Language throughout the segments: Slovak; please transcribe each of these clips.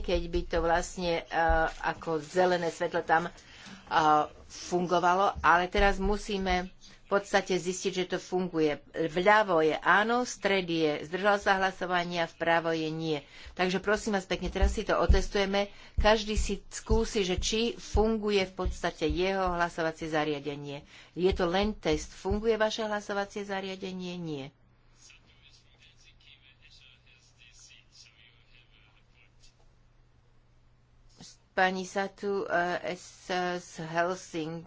keď by to vlastne e, ako zelené svetlo tam e, fungovalo, ale teraz musíme v podstate zistiť, že to funguje. Vľavo je áno, v stred je zdržal sa hlasovania, vpravo je nie. Takže prosím vás pekne, teraz si to otestujeme. Každý si skúsi, že či funguje v podstate jeho hlasovacie zariadenie. Je to len test. Funguje vaše hlasovacie zariadenie? Nie. pani Satu eh, z Helsing.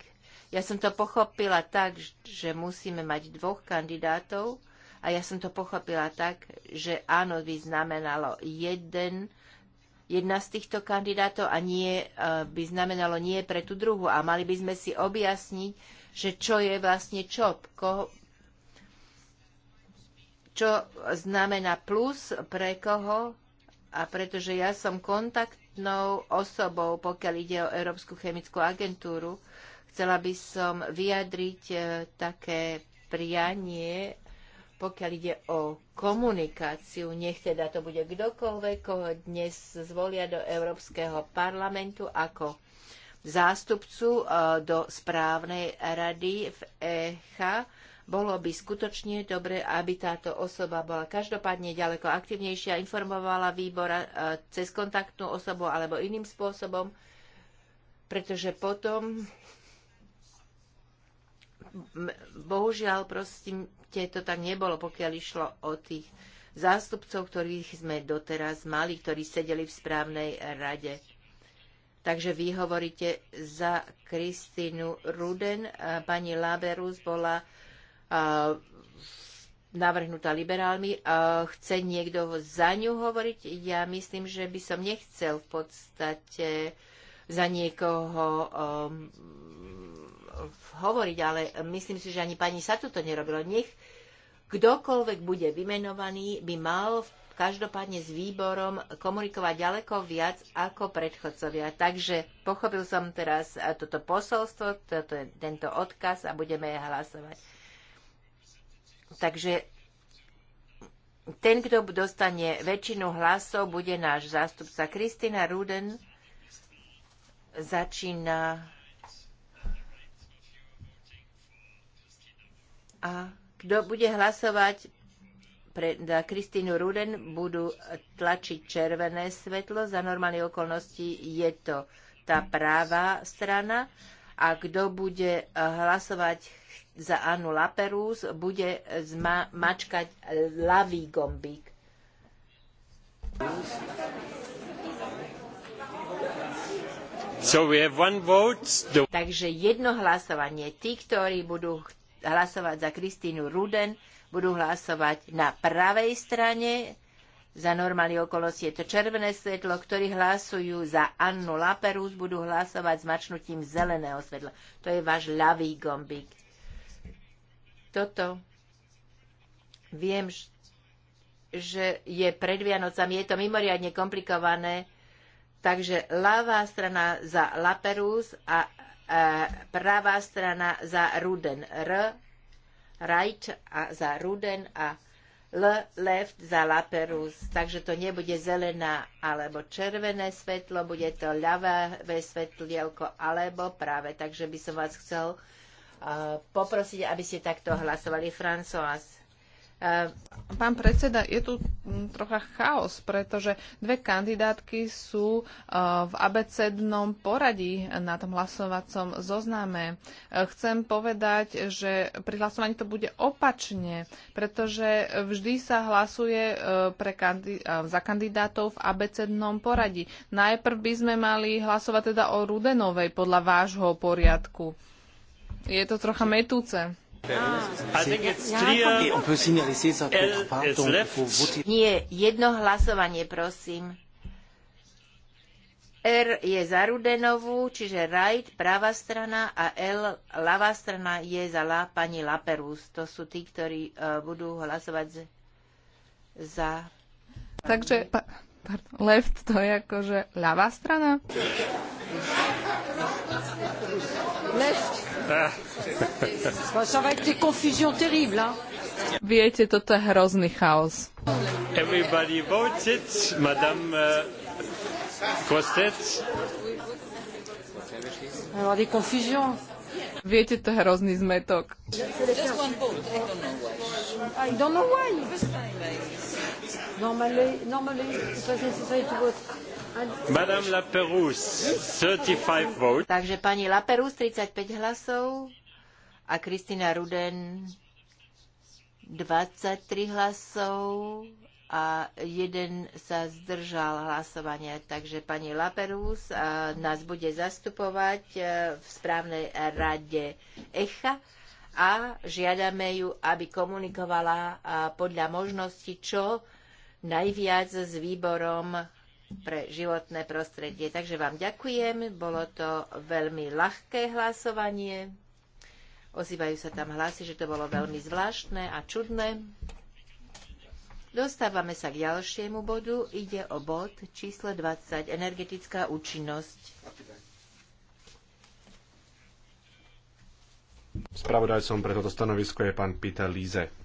Ja som to pochopila tak, že musíme mať dvoch kandidátov a ja som to pochopila tak, že áno by znamenalo jeden, jedna z týchto kandidátov a nie eh, by znamenalo nie pre tú druhú. A mali by sme si objasniť, že čo je vlastne čo, koho, čo znamená plus pre koho a pretože ja som kontakt kontaktnou osobou, pokiaľ ide o Európsku chemickú agentúru. Chcela by som vyjadriť e, také prianie, pokiaľ ide o komunikáciu, nech teda to bude kdokoľvek, koho dnes zvolia do Európskeho parlamentu ako zástupcu e, do správnej rady v ECHA, bolo by skutočne dobre, aby táto osoba bola každopádne ďaleko aktivnejšia, informovala výbora e, cez kontaktnú osobu alebo iným spôsobom, pretože potom bohužiaľ prosím, to tak nebolo, pokiaľ išlo o tých zástupcov, ktorých sme doteraz mali, ktorí sedeli v správnej rade. Takže vy hovoríte za Kristínu Ruden. Pani Laberus bola navrhnutá liberálmi. Chce niekto za ňu hovoriť? Ja myslím, že by som nechcel v podstate za niekoho um, hovoriť, ale myslím si, že ani pani sa to nerobilo. Nech kdokoľvek bude vymenovaný, by mal každopádne s výborom komunikovať ďaleko viac ako predchodcovia. Takže pochopil som teraz toto posolstvo, toto, tento odkaz a budeme hlasovať. Takže ten, kto dostane väčšinu hlasov, bude náš zástupca. Kristina Ruden začína. A kto bude hlasovať pre Kristínu Ruden, budú tlačiť červené svetlo. Za normálne okolnosti je to tá práva strana. A kto bude hlasovať za Annu Laperus bude zma- mačkať lavý eh, gombík. So we have one vote. The... Takže jedno hlasovanie. Tí, ktorí budú hlasovať za Kristínu Ruden, budú hlasovať na pravej strane. Za normálny okolnosti je to červené svetlo, ktorí hlasujú za Annu Laperus, budú hlasovať s mačnutím zeleného svetla. To je váš ľavý gombík. Toto viem, že je pred Vianocami, je to mimoriadne komplikované, takže ľavá strana za Laperus a e, pravá strana za Ruden R, right a za Ruden a L, left za Laperus. Takže to nebude zelená alebo červené svetlo, bude to ľavé svetlielko alebo práve. Takže by som vás chcel poprosiť, aby ste takto hlasovali. François. E, pán predseda, je tu trocha chaos, pretože dve kandidátky sú e, v abecednom poradí na tom hlasovacom zozname. E, chcem povedať, že pri hlasovaní to bude opačne, pretože vždy sa hlasuje pre kandid za kandidátov v abecednom poradí. Najprv by sme mali hlasovať teda o Rudenovej podľa vášho poriadku. Je to trocha metúce. Nie, jedno hlasovanie, prosím. R je za Rudenovú, čiže right, pravá strana a L, ľavá strana je za la, pani Laperus. To sú tí, ktorí uh, budú hlasovať z, za... Takže pa, pardon, left to je akože ľavá strana? Left Ça va être des confusions terribles, hein? Viete, toto je hrozný chaos. Everybody voted, madame uh, Kostet. Alors des confusions. Viete, to je hrozný zmetok. Just one vote, I don't know why. Ah, I don't know why. Madame Laperouse, 35 votes. Takže pani Laperouse 35 hlasov a Kristina Ruden 23 hlasov a jeden sa zdržal hlasovania. Takže pani Laperus nás bude zastupovať e, v správnej rade ECHA a žiadame ju, aby komunikovala podľa možnosti, čo najviac s výborom pre životné prostredie. Takže vám ďakujem, bolo to veľmi ľahké hlasovanie. Ozývajú sa tam hlasy, že to bolo veľmi zvláštne a čudné. Dostávame sa k ďalšiemu bodu. Ide o bod číslo 20, energetická účinnosť. Spravodajcom pre toto stanovisko je pán Peter Líze.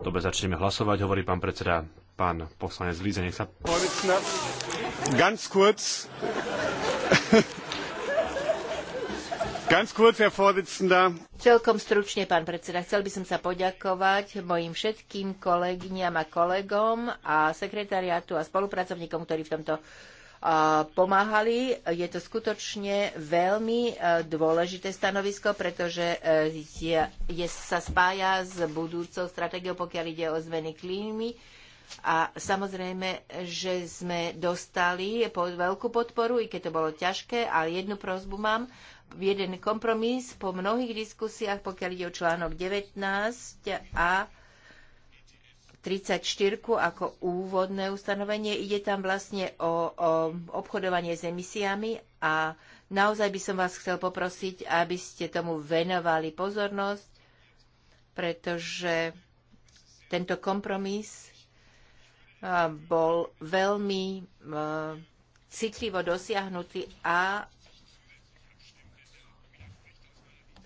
Dobre, začneme hlasovať, hovorí pán predseda. Pán poslanec Líze, nech sa... Ganz kurz. Ganz kurz, Herr Vorsitzender. Celkom stručne, pán predseda, chcel by som sa poďakovať mojim všetkým kolegyňam a kolegom a sekretariátu a spolupracovníkom, ktorí v tomto pomáhali. Je to skutočne veľmi e, dôležité stanovisko, pretože e, je, je, sa spája s budúcou stratégiou, pokiaľ ide o zmeny klímy. A samozrejme, že sme dostali veľkú podporu, i keď to bolo ťažké, ale jednu prozbu mám. Jeden kompromis po mnohých diskusiách, pokiaľ ide o článok 19 a 34 ako úvodné ustanovenie. Ide tam vlastne o, o obchodovanie s emisiami a naozaj by som vás chcel poprosiť, aby ste tomu venovali pozornosť, pretože tento kompromis bol veľmi citlivo dosiahnutý a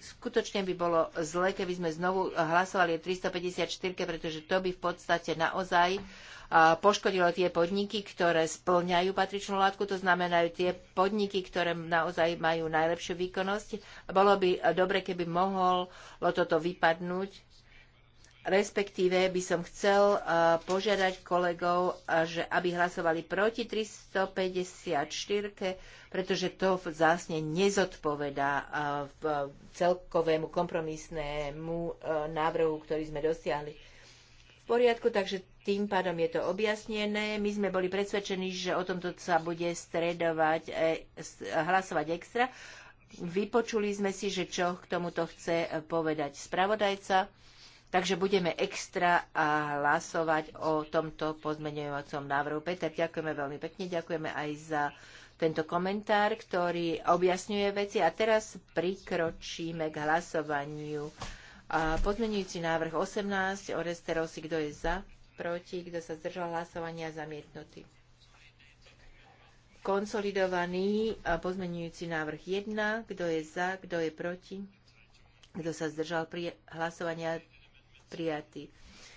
skutočne by bolo zle, keby sme znovu hlasovali o 354, pretože to by v podstate naozaj poškodilo tie podniky, ktoré splňajú patričnú látku, to znamenajú tie podniky, ktoré naozaj majú najlepšiu výkonnosť. Bolo by dobre, keby mohol toto vypadnúť respektíve by som chcel eh, požiadať kolegov, eh, že aby hlasovali proti 354, pretože to zásne nezodpovedá eh, celkovému kompromisnému návrhu, ktorý sme dosiahli. V poriadku, takže tým pádom je to objasnené. My sme boli presvedčení, že o tomto sa bude stredovať, hlasovať extra. Vypočuli sme si, že čo k tomuto chce povedať spravodajca. Takže budeme extra a hlasovať o tomto pozmeňujúcom návrhu. Peter, ďakujeme veľmi pekne, ďakujeme aj za tento komentár, ktorý objasňuje veci. A teraz prikročíme k hlasovaniu. A pozmenujúci návrh 18, si kto je za, proti, kto sa zdržal hlasovania, zamietnutý. Konsolidovaný pozmenujúci návrh 1, kto je za, kto je proti, kto sa zdržal pri hlasovania, prijatý.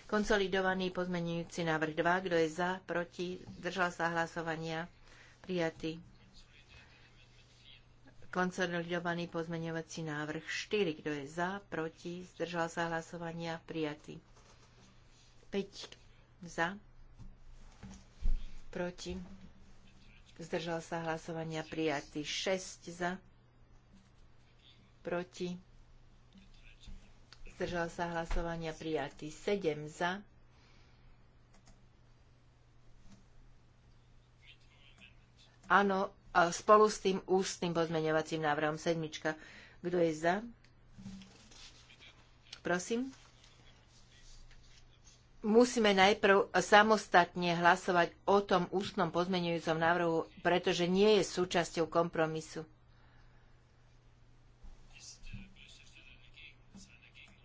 Konsolidovaný pozmenujúci návrh 2. Kto je za, proti, držal sa hlasovania, prijatý. Konsolidovaný pozmeňovací návrh 4. Kto je za, proti, zdržal sa hlasovania, prijatý. 5. Za, proti, zdržal sa hlasovania, prijatý. 6. Za, proti, zdržal sa hlasovania prijatý 7 za, Áno, spolu s tým ústnym pozmeňovacím návrhom sedmička. Kto je za? Prosím. Musíme najprv samostatne hlasovať o tom ústnom pozmeňujúcom návrhu, pretože nie je súčasťou kompromisu.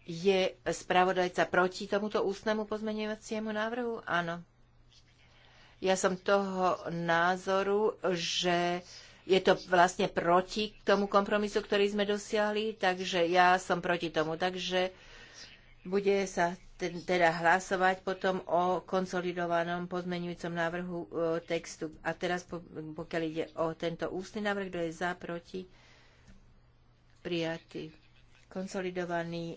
Je spravodajca proti tomuto ústnemu pozmeňovaciemu návrhu? Áno. Ja som toho názoru, že je to vlastne proti tomu kompromisu, ktorý sme dosiahli, takže ja som proti tomu. Takže bude sa teda hlasovať potom o konsolidovanom pozmenujúcom návrhu e, textu. A teraz, pokiaľ ide o tento ústny návrh, kto je za, proti, prijatý. Konsolidovaný e,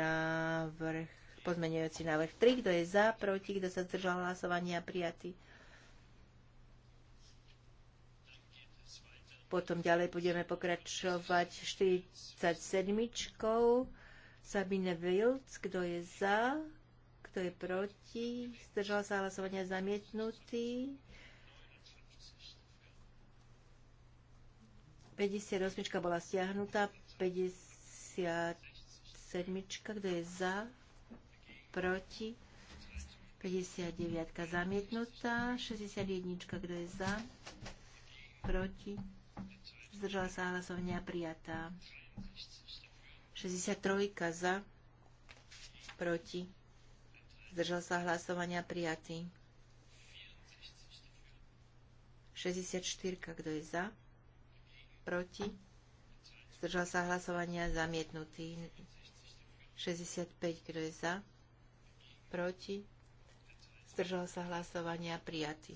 návrh, pozmenujúci návrh 3, kto je za, proti, kto sa zdržal hlasovania, prijatý. Potom ďalej budeme pokračovať 47. Sabine Wilds, kto je za, kto je proti, zdržal sa hlasovania zamietnutý. 58. bola stiahnutá, 50, 57. Kto je za? Proti? 59. Zamietnutá. 61. Kto je za? Proti? Zdržala sa hlasovania prijatá. 63. Za? Proti? Zdržal sa hlasovania prijatý. 64. Kto je za? Proti? Zdržal sa hlasovania zamietnutý. 65, kto je za? Proti? Zdržal sa hlasovania prijatý.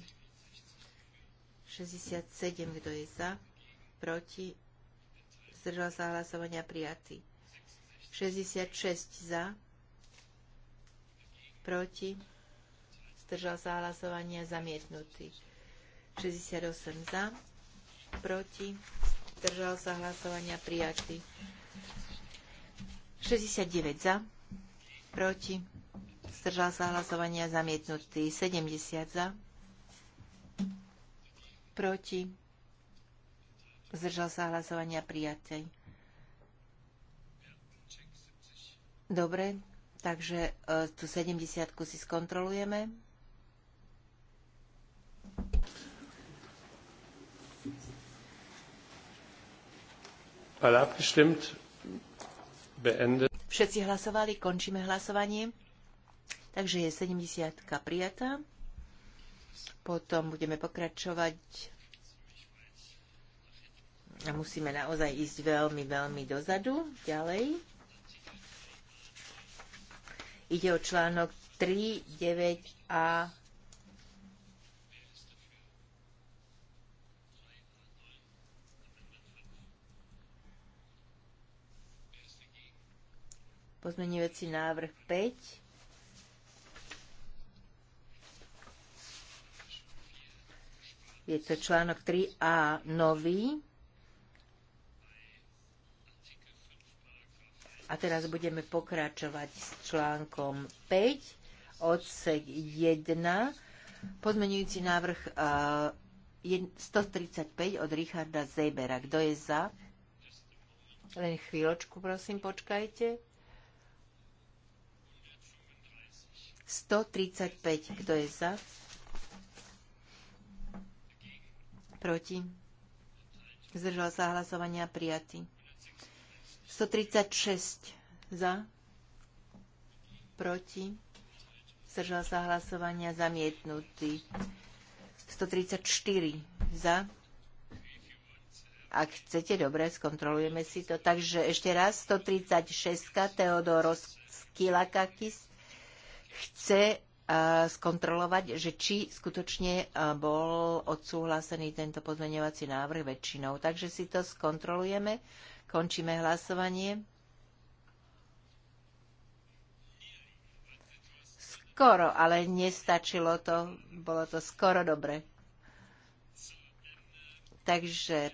67, kto je za? Proti? Zdržal sa hlasovania prijatý. 66 za? Proti? Zdržal sa hlasovania zamietnutý. 68 za? Proti? zdržal sa hlasovania prijatý. 69 za, proti, zdržal sa hlasovania zamietnutý. 70 za, proti, zdržal sa hlasovania prijatý. Dobre, takže e, tú 70 si skontrolujeme. Všetci hlasovali, končíme hlasovanie. Takže je 70 prijatá. Potom budeme pokračovať. A musíme naozaj ísť veľmi, veľmi dozadu. Ďalej. Ide o článok 3, 9 a Pozmeňujúci návrh 5. Je to článok 3a nový. A teraz budeme pokračovať s článkom 5, odsek 1, pozmenujúci návrh 135 e, od Richarda Zebera. Kto je za? Len chvíľočku, prosím, počkajte. 135. Kto je za? Proti? Zdržal sa hlasovania prijatý. 136 za. Proti? Zdržal sa hlasovania zamietnutý. 134 za. Ak chcete, dobre, skontrolujeme si to. Takže ešte raz 136 Teodoros Kilakakis chce eh, skontrolovať, že či skutočne eh, bol odsúhlasený tento pozmeňovací návrh väčšinou. Takže si to skontrolujeme. Končíme hlasovanie. Skoro, ale nestačilo to. Bolo to skoro dobre. Takže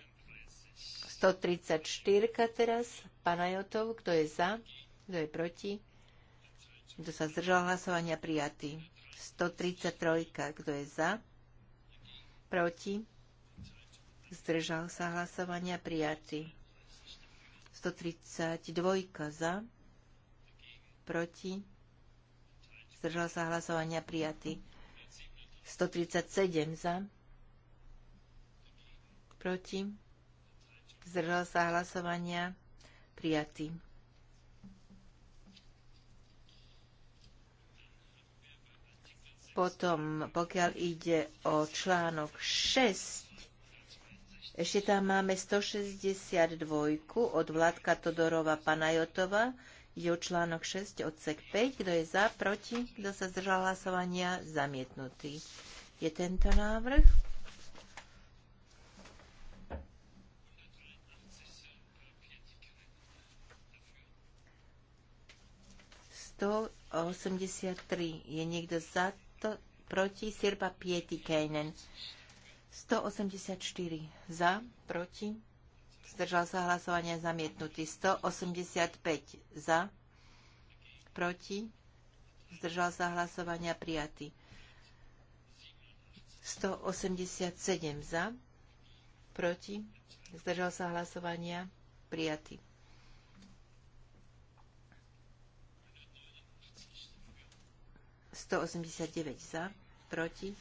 134 teraz, pana Jotov, kto je za, kto je proti. Kto sa zdržal hlasovania? Prijatý. 133. Kto je za? Proti? Zdržal sa hlasovania? Prijatý. 132. Za? Proti? Zdržal sa hlasovania? Prijatý. 137 za. Proti? Zdržal sa hlasovania? Prijatý. Potom, pokiaľ ide o článok 6, ešte tam máme 162 od Vládka Todorova Panajotova. Je o článok 6, odsek 5. Kto je za, proti? Kto sa zdržal hlasovania? Zamietnutý. Je tento návrh? 183. Je niekto za 100 proti, Sirpa Pietikainen. 184 za, proti, zdržal sa hlasovanie zamietnutý. 185 za, proti, zdržal sa hlasovania prijatý. 187 za, proti, zdržal sa hlasovania prijatý. 189 za, proti,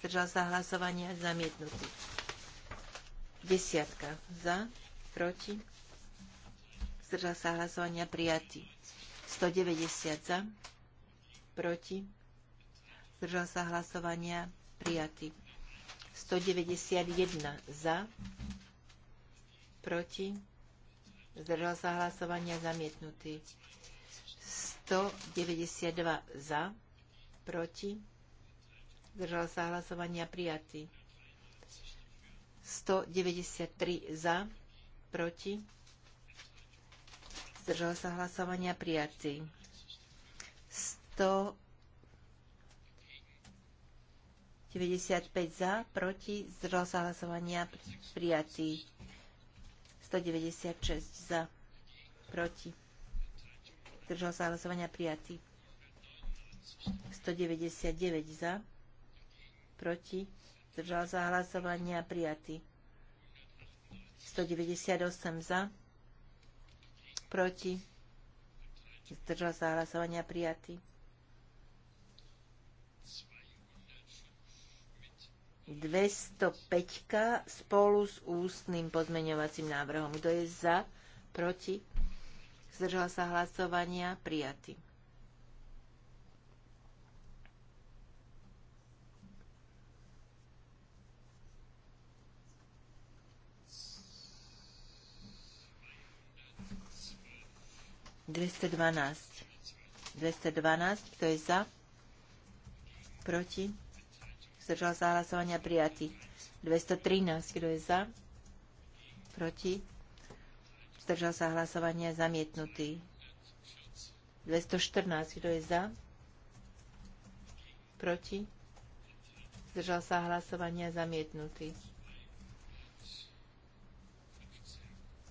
zdržal sa hlasovania, zamietnutý. Desiatka za, proti, zdržal sa hlasovania, prijatý. 190 za, proti, zdržal sa hlasovania, prijatý. 191 za, proti, zdržal sa hlasovania, zamietnutý. 192 za, proti, zdržal sa hlasovania prijatý. 193 za, proti, zdržal sa hlasovania prijatý. 195 95 za, proti, zdržal sa hlasovania prijatý. 196 za, proti, zdržal sa hlasovania prijatý. 199 za, proti, zdržal sa hlasovania prijatý. 198 za, proti, zdržal sa hlasovania prijatý. 205 spolu s ústnym pozmeňovacím návrhom. Kto je za, proti, zdržal sa hlasovania prijatý. 212. 212, kto je za? Proti? Zdržal sa hlasovania prijatý. 213, kto je za? Proti? Zdržal sa hlasovania zamietnutý. 214, kto je za? Proti? Zdržal sa hlasovania zamietnutý.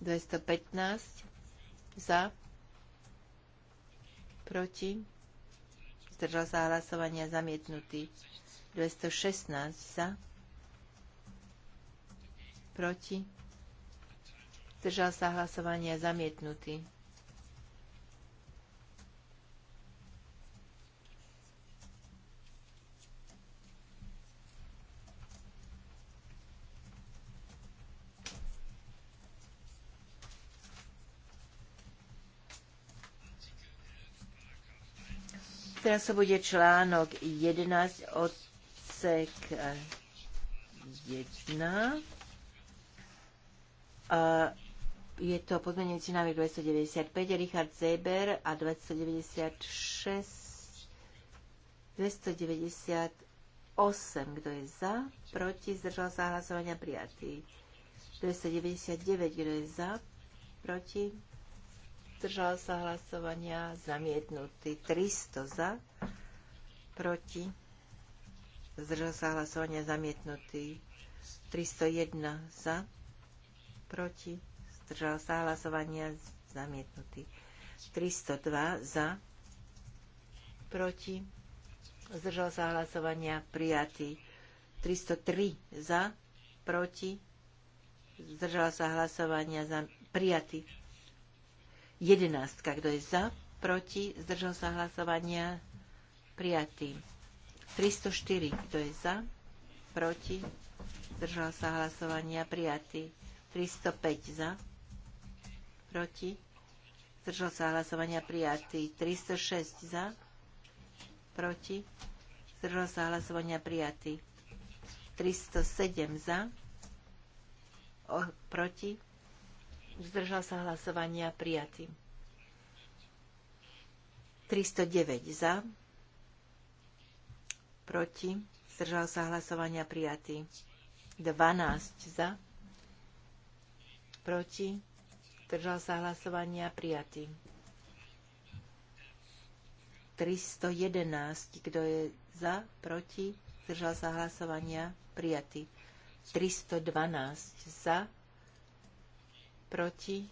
215 za proti, zdržal sa hlasovania zamietnutý. 216 za, proti, zdržal sa hlasovania zamietnutý. teraz sa bude článok 11 odsek 1. Eh, a je to pozmeňujúci návrh 295, Richard Zeber a 296, 298. Kto je za? Proti? Zdržal sa hlasovania prijatý. 299. Kto je za? Proti? zdržal sa hlasovania, zamietnutý 300 za, proti, zdržal sa hlasovania, zamietnutý 301 za, proti, zdržal sa hlasovania, zamietnutý 302 za, proti, zdržal sa hlasovania, prijatý 303 za, proti, zdržal sa hlasovania, za, prijatý Jedenáctka, kto je za, proti, zdržal sa hlasovania, prijatý. 304, kto je za, proti, zdržal sa hlasovania, prijatý. 305 za, proti, zdržal sa hlasovania, prijatý. 306 za, proti, zdržal sa hlasovania, prijatý. 307 za, o, proti, Zdržal sa hlasovania prijatý. 309 za. Proti. Zdržal sa hlasovania prijatý. 12 za. Proti. Zdržal sa hlasovania prijatý. 311. Kto je za? Proti. Zdržal sa hlasovania prijatý. 312 za proti,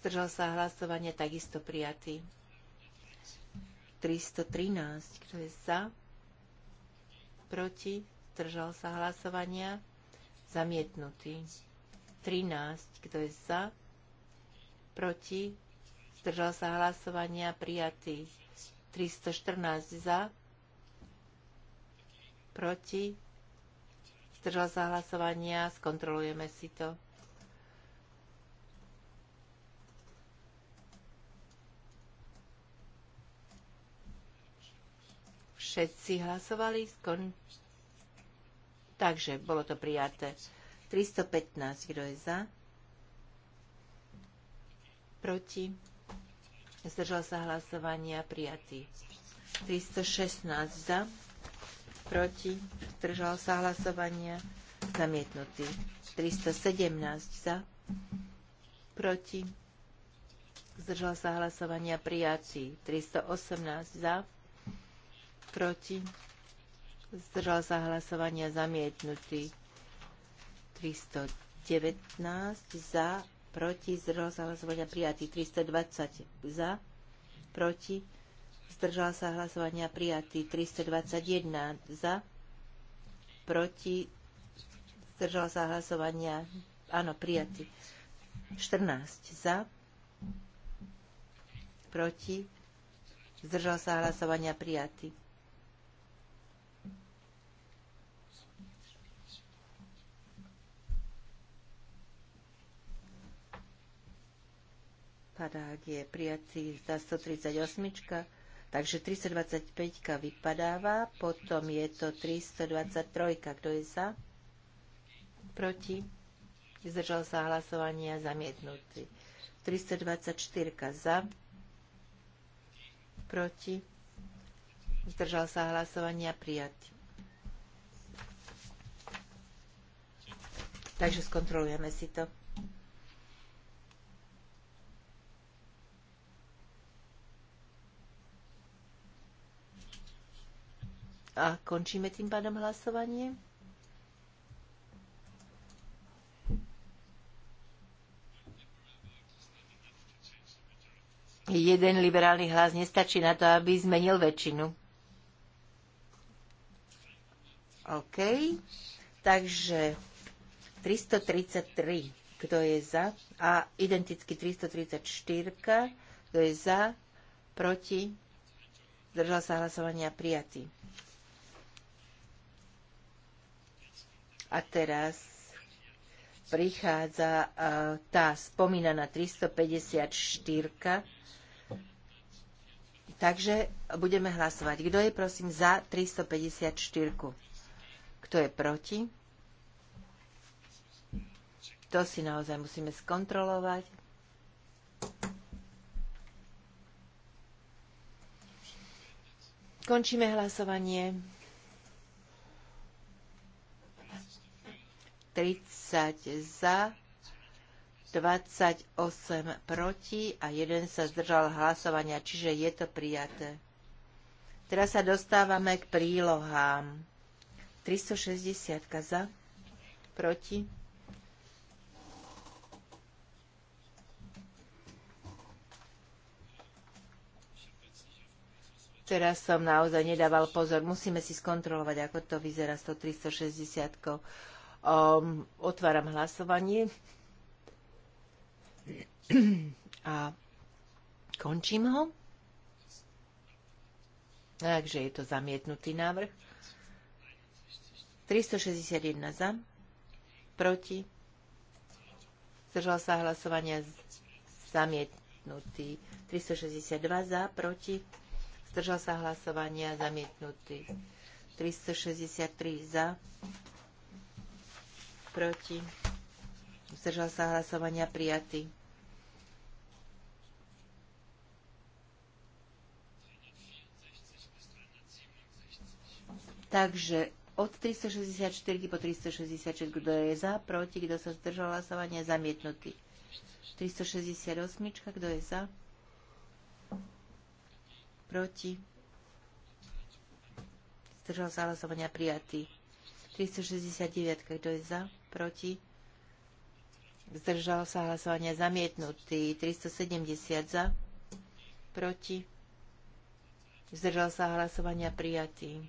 zdržal sa hlasovanie, takisto prijatý. 313, kto je za, proti, zdržal sa hlasovania, zamietnutý. 13, kto je za, proti, zdržal sa hlasovania, prijatý. 314 za, proti, zdržal sa hlasovania, skontrolujeme si to. Všetci hlasovali. Skon... Takže bolo to prijaté. 315. Kto je za? Proti? Zdržal sa hlasovania. Prijatý. 316 za. Proti? Zdržal sa hlasovania. Zamietnutý. 317 za. Proti? Zdržal sa hlasovania prijatý. 318 za proti, zdržal sa hlasovania zamietnutý. 319 za, proti, zdržal sa hlasovania prijatý. 320 za, proti, zdržal sa hlasovania prijatý. 321 za, proti, zdržal sa hlasovania, áno, prijatý. 14 za, proti, zdržal sa hlasovania prijatý. odpadá, ak je prijatý za 138, takže 325 vypadáva, potom je to 323, kto je za, proti, zdržal sa hlasovania, zamietnutý. 324 za, proti, zdržal sa hlasovania, prijatý. Takže skontrolujeme si to. A končíme tým pádom hlasovanie. Jeden liberálny hlas nestačí na to, aby zmenil väčšinu. OK. Takže 333, kto je za? A identicky 334, kto je za? Proti? Zdržal sa hlasovania prijatý. A teraz prichádza tá spomínaná 354. Takže budeme hlasovať. Kto je prosím za 354? Kto je proti? To si naozaj musíme skontrolovať. Končíme hlasovanie. 30 za, 28 proti a jeden sa zdržal hlasovania, čiže je to prijaté. Teraz sa dostávame k prílohám. 360 za, proti. Teraz som naozaj nedával pozor. Musíme si skontrolovať, ako to vyzerá s tou 360. Um, otváram hlasovanie a končím ho. Takže je to zamietnutý návrh. 361 za, proti, zdržal sa hlasovania zamietnutý. 362 za, proti, zdržal sa hlasovania zamietnutý. 363 za, proti, zdržal sa hlasovania prijatý. Takže od 364 po 366, kto je za, proti, kto sa zdržal hlasovania, zamietnutý. 368, kto je za, proti, zdržal sa hlasovania, prijatý. 369, kto je za, proti, zdržal sa hlasovania zamietnutý, 370 za, proti, zdržal sa hlasovania prijatý,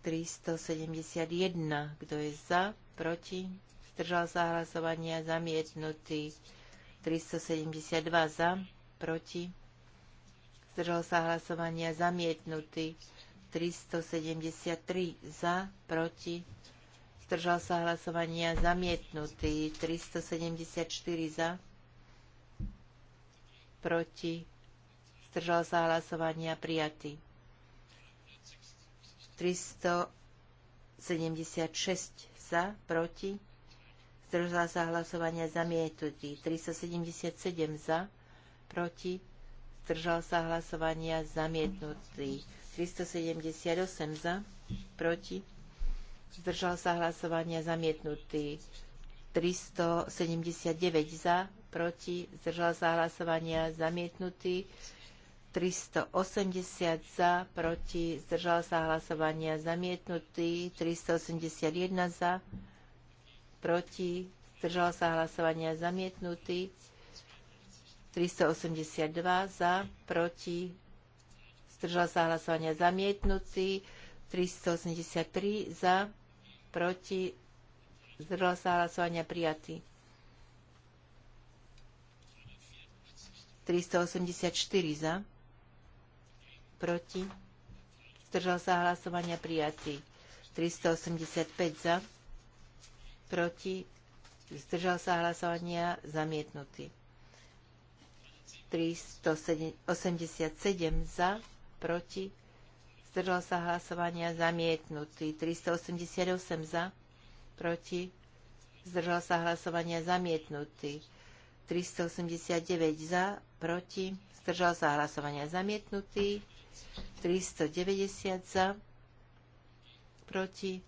371, kto je za, proti, zdržal sa hlasovania zamietnutý, 372 za, proti, zdržal sa hlasovania zamietnutý, 373 za, proti, zdržal sa hlasovania zamietnutý 374 za, proti, zdržal sa hlasovania prijatý 376 za, proti, zdržal sa hlasovania zamietnutý 377 za, proti, zdržal sa hlasovania zamietnutý 378 za, proti, zdržal sa hlasovania zamietnutý. 379 za, proti, zdržal sa hlasovania zamietnutý. 380 za, proti, zdržal sa hlasovania zamietnutý. 381 za, proti, zdržal sa hlasovania zamietnutý. 382 za, proti, zdržal sa hlasovania zamietnutý. 383 za, proti, zdržal sa hlasovania prijatý. 384 za, proti, zdržal sa hlasovania prijatý. 385 za, proti, zdržal sa hlasovania zamietnutý. 387 za, proti, zdržal sa hlasovania, zamietnutý. 388 za, proti, zdržal sa hlasovania, zamietnutý. 389 za, proti, zdržal sa hlasovania, zamietnutý. 390 za, proti,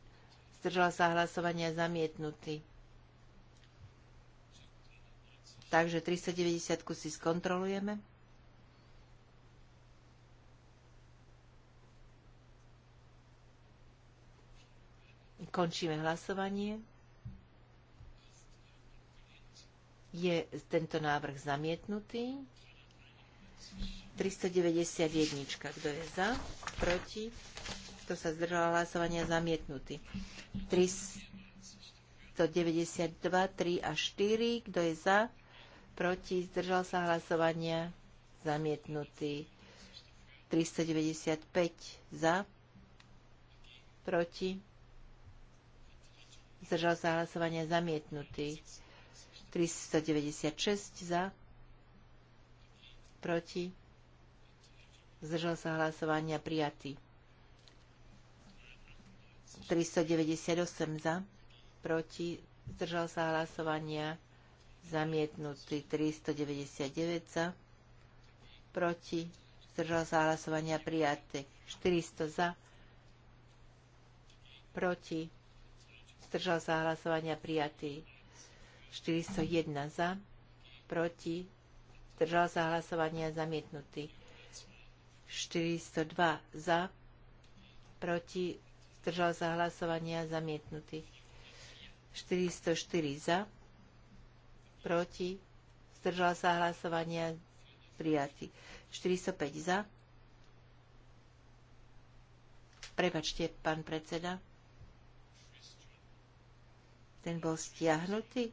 zdržal sa hlasovania, zamietnutý. Takže 390 si skontrolujeme. Končíme hlasovanie. Je tento návrh zamietnutý. 391. Kto je za? Proti? Kto sa zdržal hlasovania? Zamietnutý. 392, 3 a 4. Kto je za? Proti? Zdržal sa hlasovania? Zamietnutý. 395 za, proti, Zdržal sa hlasovania zamietnutý. 396 za. Proti. Zdržal sa hlasovania prijatý. 398 za. Proti. Zdržal sa hlasovania zamietnutý. 399 za. Proti. Zdržal sa hlasovania prijatý. 400 za. Proti zdržal sa hlasovania prijatý. 401 za, proti, zdržal sa hlasovania zamietnutý. 402 za, proti, zdržal sa hlasovania zamietnutý. 404 za, proti, zdržal sa hlasovania prijatý. 405 za. Prepačte, pán predseda ten bol stiahnutý.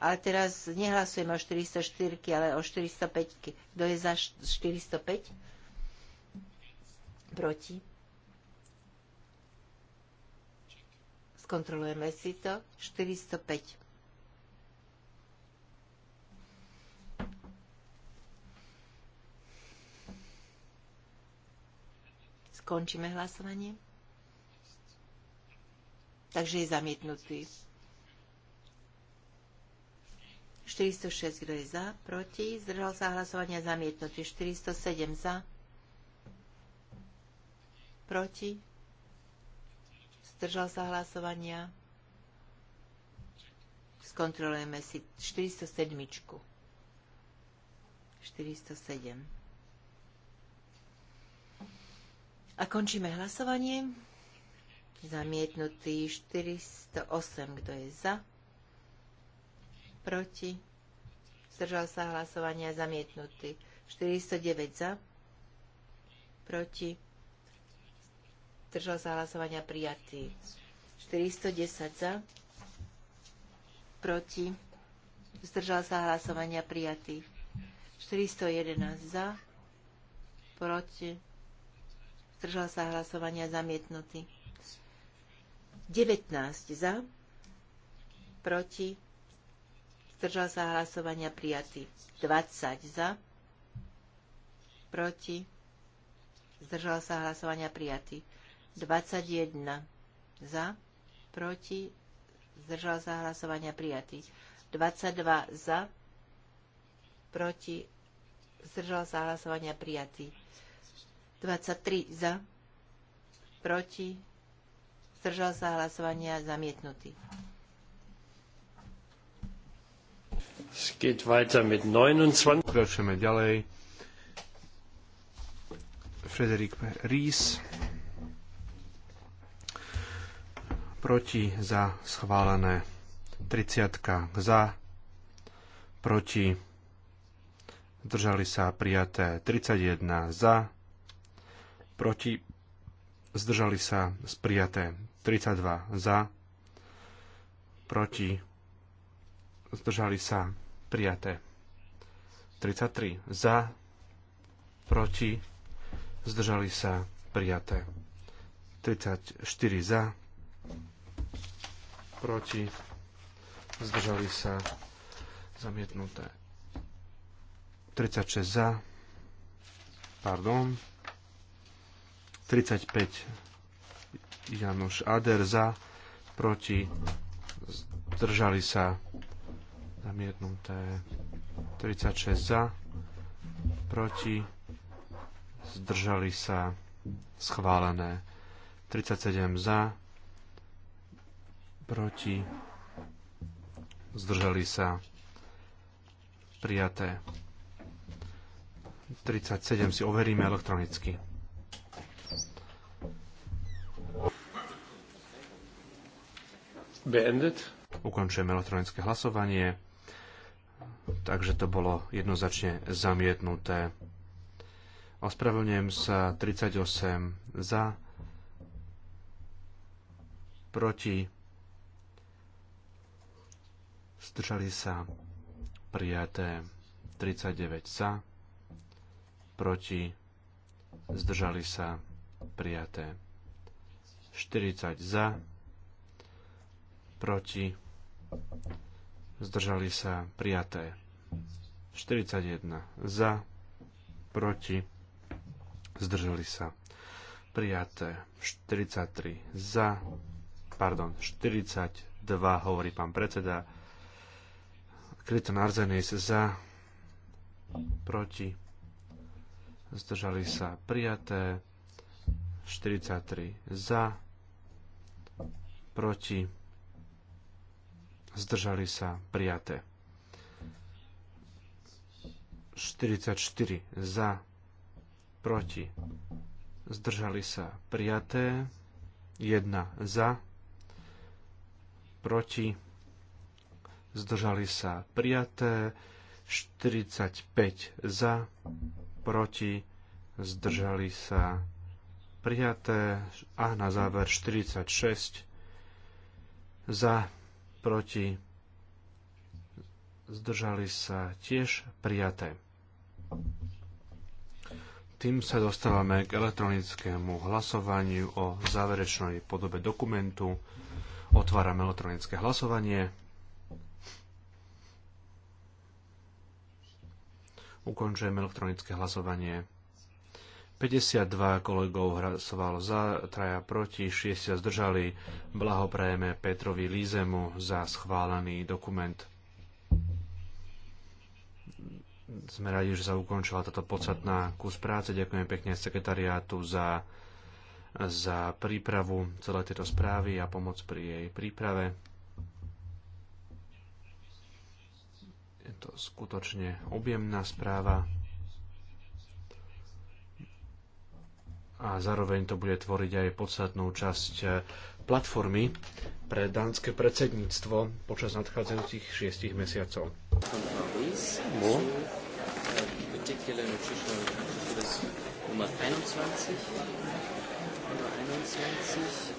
Ale teraz nehlasujeme o 404, ale o 405. Kto je za 405? Proti? Skontrolujeme si to. 405. Skončíme hlasovanie takže je zamietnutý. 406, kto je za, proti, zdržal sa hlasovania zamietnutý. 407 za, proti, zdržal sa hlasovania. Skontrolujeme si 407. 407. A končíme hlasovanie. Zamietnutý 408. Kto je za? Proti? Zdržal sa hlasovania. Zamietnutý 409 za? Proti? Zdržal sa hlasovania. Prijatý 410 za? Proti? Zdržal sa hlasovania. Prijatý 411 za? Proti? Zdržal sa hlasovania. Zamietnutý 19 za, proti, zdržal sa hlasovania prijatý. 20 za, proti, zdržal sa hlasovania prijatý. 21 za, proti, zdržal sa hlasovania prijatý. 22 za, proti, zdržal sa hlasovania prijatý. 23 za, proti, zdržal sa hlasovania, zamietnutý. Es geht weiter mit 29. Pokračujeme ďalej. Frederik Ries proti za schválené 30 za proti zdržali sa prijaté 31 za proti zdržali sa prijaté 32 za, proti, zdržali sa, prijaté. 33 za, proti, zdržali sa, prijaté. 34 za, proti, zdržali sa, zamietnuté. 36 za, pardon, 35 Janoš Ader za, proti, zdržali sa, zamietnuté 36 za, proti, zdržali sa, schválené 37 za, proti, zdržali sa, prijaté 37 si overíme elektronicky. Beendet. Ukončujem elektronické hlasovanie. Takže to bolo jednoznačne zamietnuté. Ospravedlňujem sa 38 za, proti, zdržali sa prijaté 39 za, proti, zdržali sa prijaté 40 za, proti, zdržali sa prijaté. 41 za, proti, zdržali sa prijaté. 43 za, pardon, 42 hovorí pán predseda. Kryton Arzenis za, proti, zdržali sa prijaté. 43 za, proti, zdržali sa prijaté. 44 za, proti, zdržali sa prijaté, 1 za, proti, zdržali sa prijaté, 45 za, proti, zdržali sa prijaté a na záver 46 za, proti, zdržali sa tiež prijaté. Tým sa dostávame k elektronickému hlasovaniu o záverečnej podobe dokumentu. Otváram elektronické hlasovanie. Ukončujem elektronické hlasovanie. 52 kolegov hlasovalo za, traja proti, 6 zdržali. Blahoprajeme Petrovi Lízemu za schválený dokument. Sme radi, že sa ukončila táto podstatná kus práce. Ďakujem pekne sekretariátu za, za prípravu celé tejto správy a pomoc pri jej príprave. Je to skutočne objemná správa. a zároveň to bude tvoriť aj podstatnú časť eh, platformy pre dánske predsedníctvo počas nadchádzajúcich šiestich mesiacov.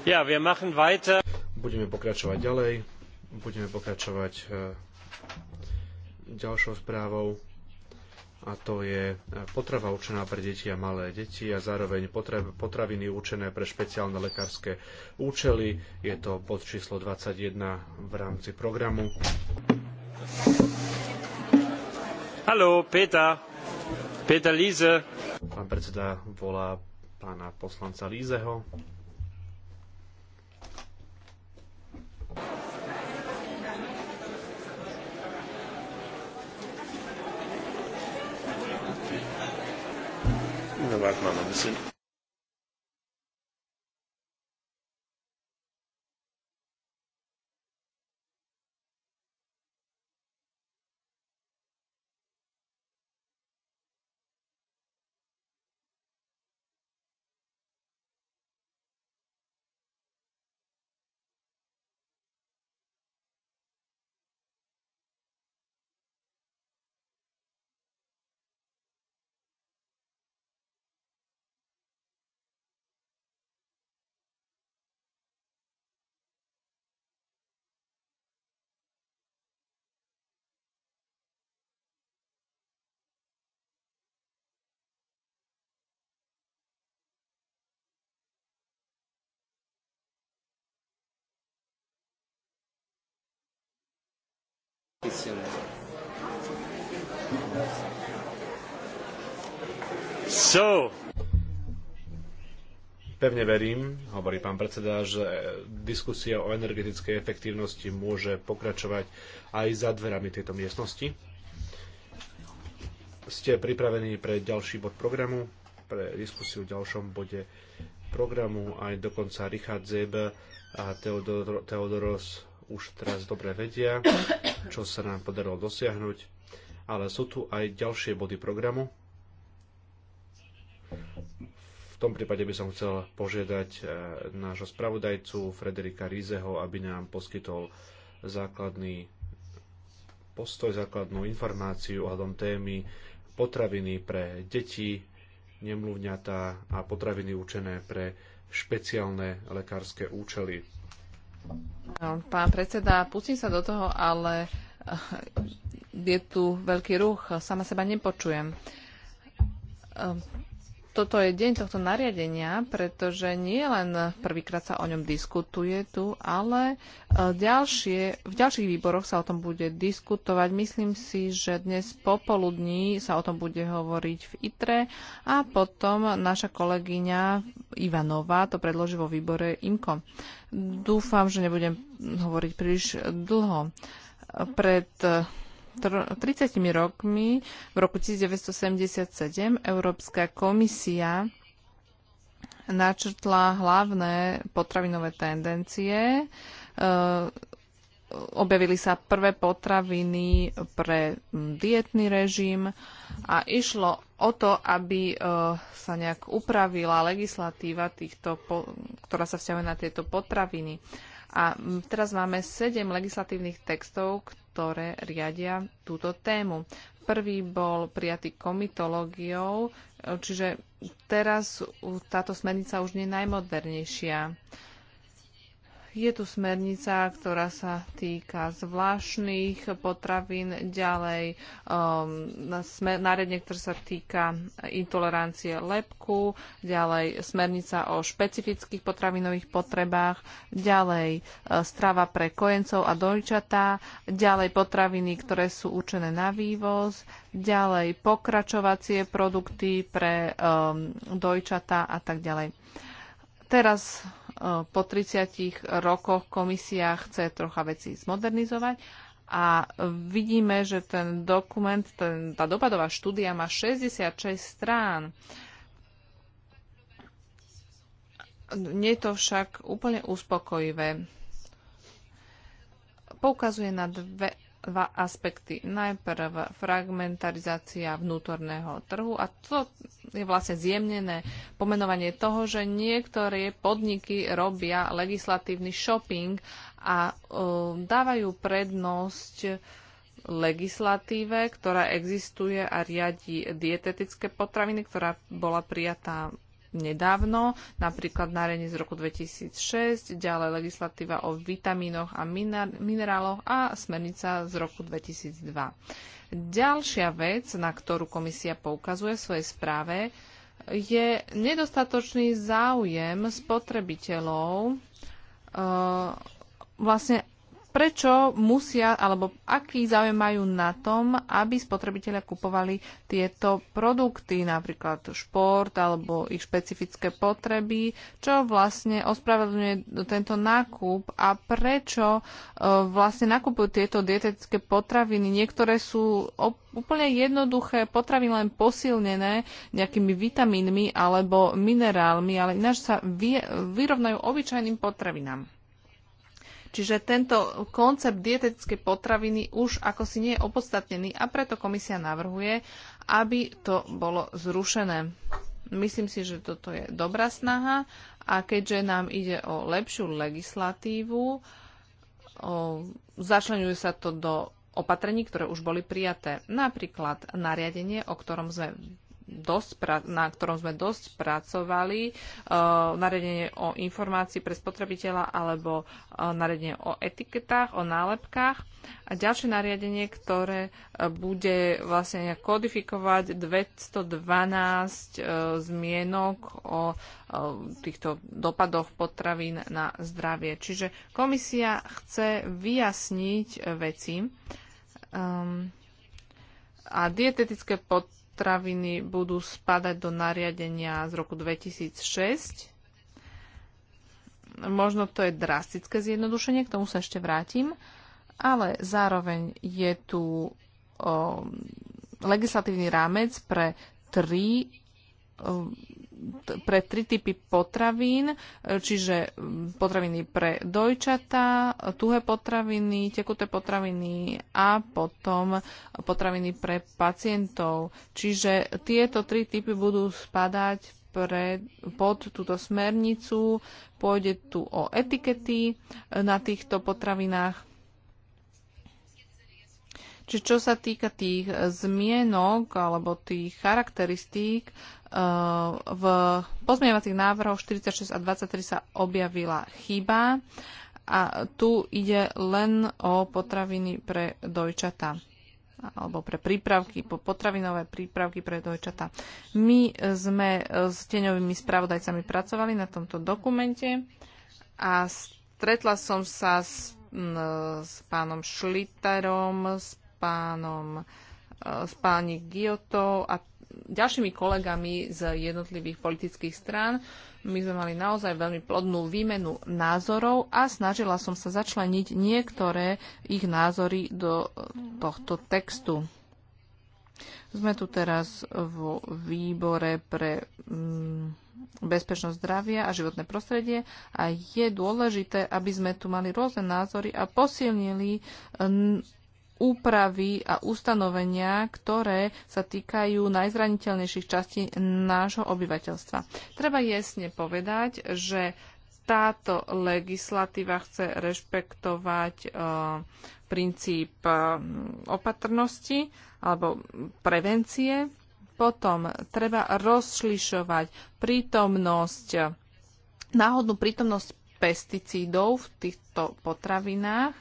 Ja, wir machen weiter. Budeme pokračovať ďalej. Budeme pokračovať eh, ďalšou správou a to je potrava určená pre deti a malé deti a zároveň potraviny určené pre špeciálne lekárske účely. Je to pod číslo 21 v rámci programu. Haló, Peta. Peta Líze. Pán predseda volá pána poslanca Lízeho. warten wir mal ein bisschen. So. Pevne verím, hovorí pán predseda, že diskusia o energetickej efektívnosti môže pokračovať aj za dverami tejto miestnosti. Ste pripravení pre ďalší bod programu, pre diskusiu v ďalšom bode programu aj dokonca Richard Zeb a Theodoros už teraz dobre vedia, čo sa nám podarilo dosiahnuť, ale sú tu aj ďalšie body programu. V tom prípade by som chcel požiadať eh, nášho spravodajcu Frederika Rízeho, aby nám poskytol základný postoj, základnú informáciu ohľadom témy potraviny pre deti, nemluvňatá a potraviny určené pre špeciálne lekárske účely. No, pán predseda, pustím sa do toho, ale eh, je tu veľký ruch, sama seba nepočujem. Ehm, toto je deň tohto nariadenia, pretože nie len prvýkrát sa o ňom diskutuje tu, ale e, ďalšie, v ďalších výboroch sa o tom bude diskutovať. Myslím si, že dnes popoludní sa o tom bude hovoriť v ITRE a potom naša kolegyňa Ivanová to predloží vo výbore IMKO. Dúfam, že nebudem hovoriť príliš dlho. Pred 30 rokmi, v roku 1977, Európska komisia načrtla hlavné potravinové tendencie. E, objavili sa prvé potraviny pre dietný režim a išlo o to, aby e, sa nejak upravila legislatíva, týchto, ktorá sa vzťahuje na tieto potraviny. A teraz máme sedem legislatívnych textov, ktoré riadia túto tému. Prvý bol prijatý komitológiou, čiže teraz táto smernica už nie je najmodernejšia je tu smernica, ktorá sa týka zvláštnych potravín, ďalej um, náredne, ktoré sa týka intolerancie lepku, ďalej smernica o špecifických potravinových potrebách, ďalej uh, strava pre kojencov a dojčatá, ďalej potraviny, ktoré sú určené na vývoz, ďalej pokračovacie produkty pre um, dojčatá a tak ďalej. Teraz E, po 30 rokoch komisia chce trocha veci zmodernizovať a vidíme, že ten dokument, ten, tá dopadová štúdia má 66 strán. Nie je to však úplne uspokojivé. Poukazuje na dve dva aspekty. Najprv fragmentarizácia vnútorného trhu a to je vlastne zjemnené pomenovanie toho, že niektoré podniky robia legislatívny shopping a uh, dávajú prednosť legislatíve, ktorá existuje a riadi dietetické potraviny, ktorá bola prijatá nedávno, napríklad nárenie z roku 2006, ďalej legislatíva o vitamínoch a mineráloch a smernica z roku 2002. Ďalšia vec, na ktorú komisia poukazuje v svojej správe, je nedostatočný záujem spotrebiteľov e, vlastne prečo musia, alebo aký záujem majú na tom, aby spotrebitelia kupovali tieto produkty, napríklad šport alebo ich špecifické potreby, čo vlastne ospravedlňuje tento nákup a prečo e, vlastne nakupujú tieto dietetické potraviny. Niektoré sú úplne jednoduché potraviny len posilnené nejakými vitamínmi alebo minerálmi, ale ináč sa vyrovnajú obyčajným potravinám. Čiže tento koncept dietetickej potraviny už ako si nie je opodstatnený a preto komisia navrhuje, aby to bolo zrušené. Myslím si, že toto je dobrá snaha a keďže nám ide o lepšiu legislatívu, o, začlenuje sa to do opatrení, ktoré už boli prijaté. Napríklad nariadenie, o ktorom sme dosť, na ktorom sme dosť pracovali, e, naredenie o informácii pre spotrebiteľa alebo e, naredenie o etiketách, o nálepkách. A ďalšie nariadenie, ktoré e, bude vlastne kodifikovať 212 zmienok o týchto dopadoch potravín na zdravie. Čiže komisia chce vyjasniť veci. Um, a dietetické pot- potraviny budú spadať do nariadenia z roku 2006. Možno to je drastické zjednodušenie, k tomu sa ešte vrátim, ale zároveň je tu o, legislatívny rámec pre tri pre tri typy potravín, e, čiže potraviny pre dojčatá, tuhé potraviny, tekuté potraviny a potom potraviny pre pacientov. Čiže tieto tri typy budú spadať pre, pod túto smernicu. Pôjde tu o etikety e, na týchto potravinách. Čiže čo sa týka tých zmienok alebo tých charakteristík, v pozmeňovacích návrhoch 46 a 23 sa objavila chyba a tu ide len o potraviny pre dojčata alebo pre prípravky, potravinové prípravky pre dojčata. My sme s teňovými spravodajcami pracovali na tomto dokumente a stretla som sa s, s pánom Šliterom, s pánom e, s páni Giotou a ďalšími kolegami z jednotlivých politických strán. My sme mali naozaj veľmi plodnú výmenu názorov a snažila som sa začleniť niektoré ich názory do tohto textu. Sme tu teraz v výbore pre mm, bezpečnosť zdravia a životné prostredie a je dôležité, aby sme tu mali rôzne názory a posilnili úpravy a ustanovenia, ktoré sa týkajú najzraniteľnejších častí nášho obyvateľstva. Treba jasne povedať, že táto legislatíva chce rešpektovať e, princíp e, opatrnosti alebo prevencie. Potom treba rozšlišovať prítomnosť, náhodnú prítomnosť pesticídov v týchto potravinách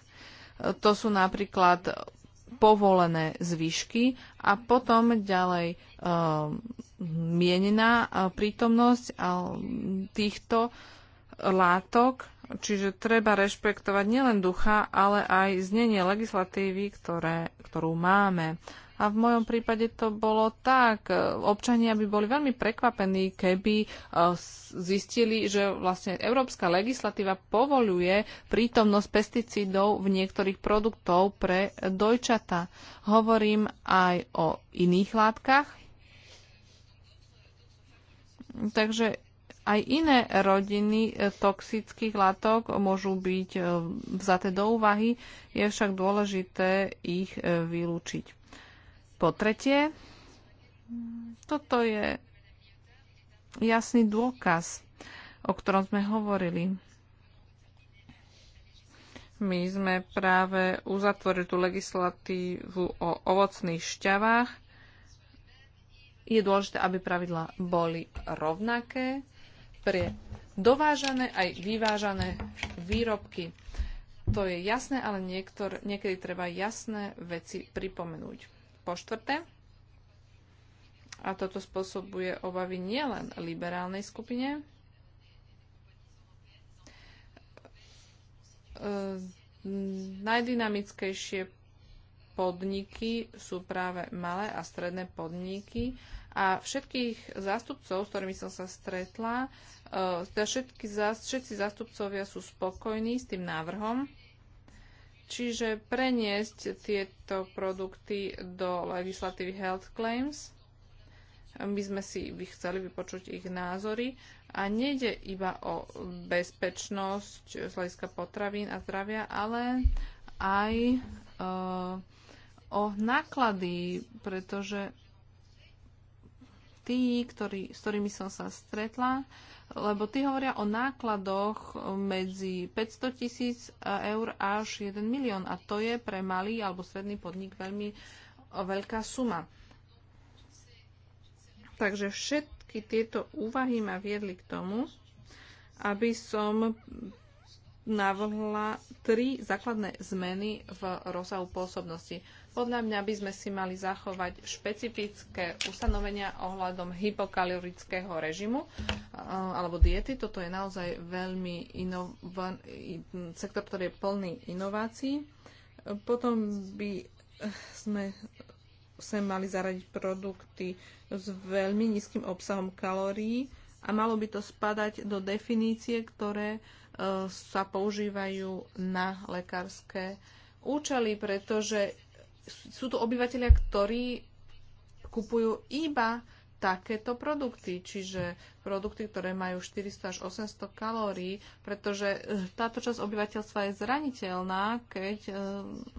to sú napríklad povolené zvyšky a potom ďalej eh, mienená eh, prítomnosť týchto látok, čiže treba rešpektovať nielen ducha, ale aj znenie legislatívy, ktoré, ktorú máme. A v mojom prípade to bolo tak. Občania by boli veľmi prekvapení, keby e, zistili, že vlastne európska legislatíva povoluje prítomnosť pesticídov v niektorých produktov pre dojčata. Hovorím aj o iných látkach. Takže aj iné rodiny e, toxických látok môžu byť e, vzaté do úvahy, je však dôležité ich vylúčiť. Po tretie, toto je jasný dôkaz, o ktorom sme hovorili. My sme práve uzatvorili tú legislatívu o ovocných šťavách. Je dôležité, aby pravidla boli rovnaké pre dovážané aj vyvážané výrobky. To je jasné, ale niektor, niekedy treba jasné veci pripomenúť. Po štvrté, a toto spôsobuje obavy nielen liberálnej skupine, e, najdynamickejšie podniky sú práve malé a stredné podniky a všetkých zástupcov, s ktorými som sa stretla, e, teda všetky, všetci zástupcovia sú spokojní s tým návrhom, Čiže preniesť tieto produkty do legislatívy Health Claims. My sme si chceli vypočuť ich názory a nejde iba o bezpečnosť z hľadiska potravín a zdravia, ale aj e, o náklady, pretože tí, ktorí, s ktorými som sa stretla, e, lebo ty hovoria o nákladoch medzi 500 tisíc eur až 1 milión a to je pre malý alebo stredný podnik veľmi veľká suma. Takže všetky tieto úvahy ma viedli k tomu, aby som navrhla tri základné zmeny v rozsahu pôsobnosti. Podľa mňa by sme si mali zachovať špecifické ustanovenia ohľadom hypokalorického režimu alebo diety. Toto je naozaj veľmi inova- sektor, ktorý je plný inovácií. Potom by sme sem mali zaradiť produkty s veľmi nízkym obsahom kalórií a malo by to spadať do definície, ktoré e, sa používajú na lekárske účely, pretože sú tu obyvateľia, ktorí kupujú iba takéto produkty, čiže produkty, ktoré majú 400 až 800 kalórií, pretože eh, táto časť obyvateľstva je zraniteľná, keď eh,